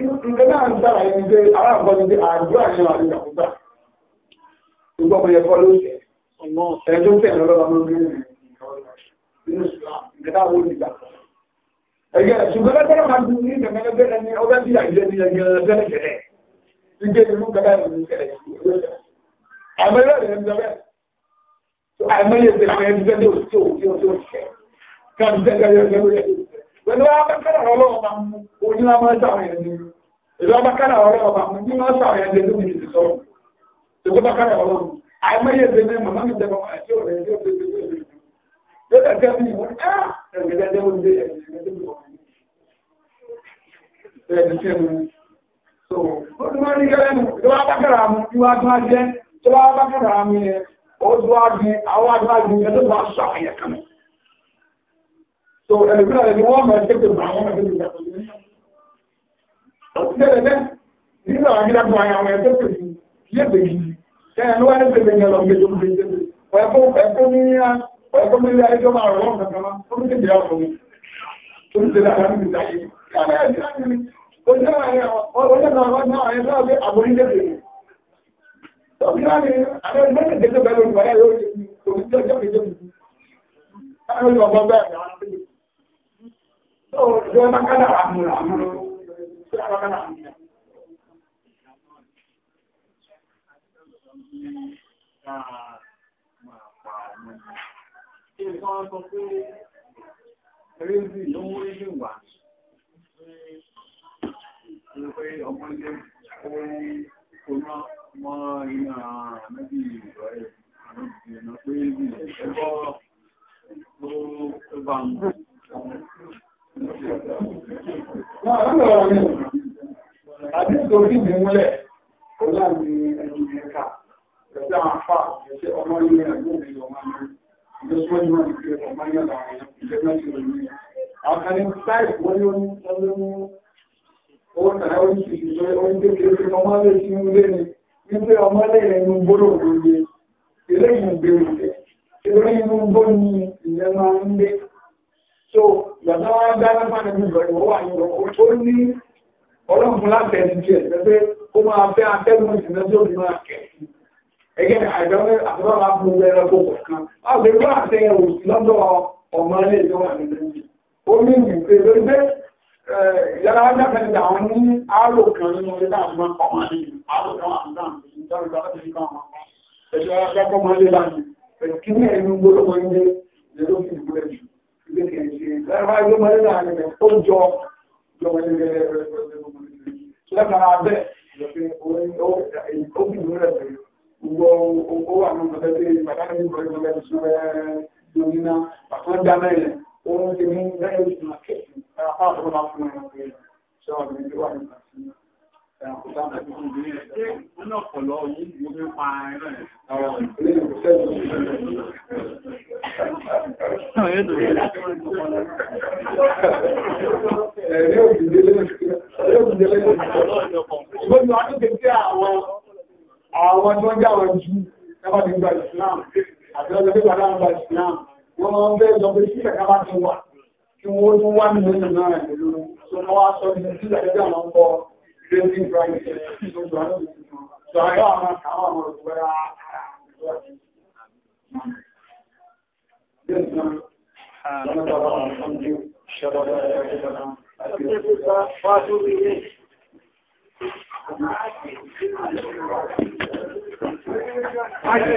nǹkan náà ń dára ẹni pé aláàbọ̀ ni pé àdúrà ni wà nígbà púpà gbogbo ọmọ yẹn kọ́ ló ṣe ẹ̀ tó ń tẹ̀ lọ́lọ́lọ́ ló ń gbé nínú Islam nǹkan náà wó nígbà ẹ̀yẹ ṣùgbọ́n lẹ́gbẹ̀rẹ̀ máa dùn ní ìgbẹ̀mẹ́lẹ́gbẹ̀rẹ̀ ni ọgbẹ́ bí àìlẹ́ ni ẹgbẹ́ lẹ́gbẹ̀rẹ̀ ìgbé ìlú kẹta ìlú kẹrẹ̀ àmẹ́lẹ́ rẹ̀ ń bẹ̀rẹ̀ àmẹ́lẹ́ rẹ̀ ń bẹ̀rẹ̀ tí ó tí ó tí ó pẹ̀lú abákàrà ọlọ́run bá ní wọ́n sàrẹ̀ ẹni ló ní ìdí sọ́rọ̀ ìlú abákàrà ọlọ́run àìmọye ẹgbẹ́ ní màmá mi àti ọ̀rẹ́ ó ó àwọn sọ tó ẹlòmíràn ẹni wọ́n máa tètè bá wọn àti ìgbà tó yẹ. Bẹ́ẹ̀ bẹ́ẹ̀ nínú àwọn akíndá tó àwọn ẹgbẹ́ tó yẹ yé bèyí kẹ́yìn ló wá ní bèbè yẹn lọ gbé tó gbé tó ẹ̀kọ́ mi ní ẹ̀kọ́ mi ní ẹjọ́ máa rọ̀ lọ́nà kan tó ń tètè àwọn ọmọ tó ń tètè àwọn ọmọ ìdáyé. Ojú àwọn ẹ̀rọ ọ̀gbẹ́ àbórí lè bèèrè. Tọ́bí náà ni àwọn ẹgbẹ́ tètè bẹ́ẹ̀ lórí wáyé yóò ṣe ní òun Ọjọ́ makádà àmúrà àmúrò. Ṣé ìkan sọ pé rédíò ló ń rédíò wà? Ṣé pé ọmọ ilé orí kòrán mọ́ iná àmẹ́bí ìrọ̀ ẹ̀ àwọn ìgbìyànjú pé rédíò ẹgbọ́ tó bá mú. Àti ìtòrí ìgbìmúlẹ̀, ó láàrin ẹ̀yìn ẹ̀ka, ẹ̀sẹ̀ àwọn àfà, ẹ̀sẹ̀ ọmọ ilẹ̀ ẹ̀gbọ́n ìlú ọmọ ilẹ̀, ìjọsọ́ ìwọ̀n ìpínlẹ̀ ọmọ ilẹ̀ àwọn ìjọsọ́ ìwọ̀n ìpínlẹ̀. Àwọn kan ní táìpù wọ́n yóò ní ọlọ́run owó tàrà ó sì ìjọ oúnjẹ kéèké ọmọ ilẹ̀ tí ń lé ni, wípé ọmọ ilẹ̀ ẹnu gbọ́dọ̀ gbọ́dọ̀ ilé ìgbèrè, ilé ìgbó ni ìyẹn máa ń lé so yàtọ̀ wá dáná fún àdébí ìlọ ìwọ wà ní ọkọ̀ tó ní ọlọ́run láti ẹni jẹ pẹ́pẹ́ ó máa fẹ́ atẹ́gùn ìsìn náà tó ní máa kẹ̀ sí ẹgẹ́ àjọyọ̀ àtọ́wọ́ máa bu ẹranko kọ̀ọ̀kan láti lè wá àtẹ̀yẹwò lọ́dọ̀ ọmọ ilé ìjọ wà nínú ìlú ó ní ìgbè lórí pé ìyára wájà fẹ́ nígbà àwọn ní àárò kan nínú ilé náà máa ń pọ̀ wọn ní àárò kan wà nígbà ìjọba ìjọba ti fi kàn wọn ẹ̀ṣọ́ agbákọ́ máa lé lánàá pẹ̀lú kí ní ẹ̀yìn gbólóhùn ilé ìlú ìgbòlẹ̀ jù ilé kẹ̀ ṣe lẹ́fà ló mọ̀ nílà rẹ̀ ó jọ jọ ẹgbẹ́ rẹ̀ lẹ́fà abẹ́ ó bí ìlú rẹ̀ pẹ̀lú gbogbo owó àwọn ọ̀sẹ̀ tí bàtàkì ní ìgbọ̀lẹ́ ìgbọ̀lẹ́ ìṣú rẹ̀ lónìí bàtà dá mẹ́rin ó ń ti ní lẹ́yìn ìṣúná kẹ̀kẹ́ Àwọn tó ń jẹ́ àwọn jù ẹgbà ti gba ìsìláàmù àti ọjọ́ pípa láwọn gba ìsìláàmù wọ́n máa ń lọ pé sílẹ̀ ká bá ti wà kí wọ́n tún wá nínú ìrìnà rẹ̀ pẹ̀lú tó wá sọ Raising prices, so I got my power where This one, shut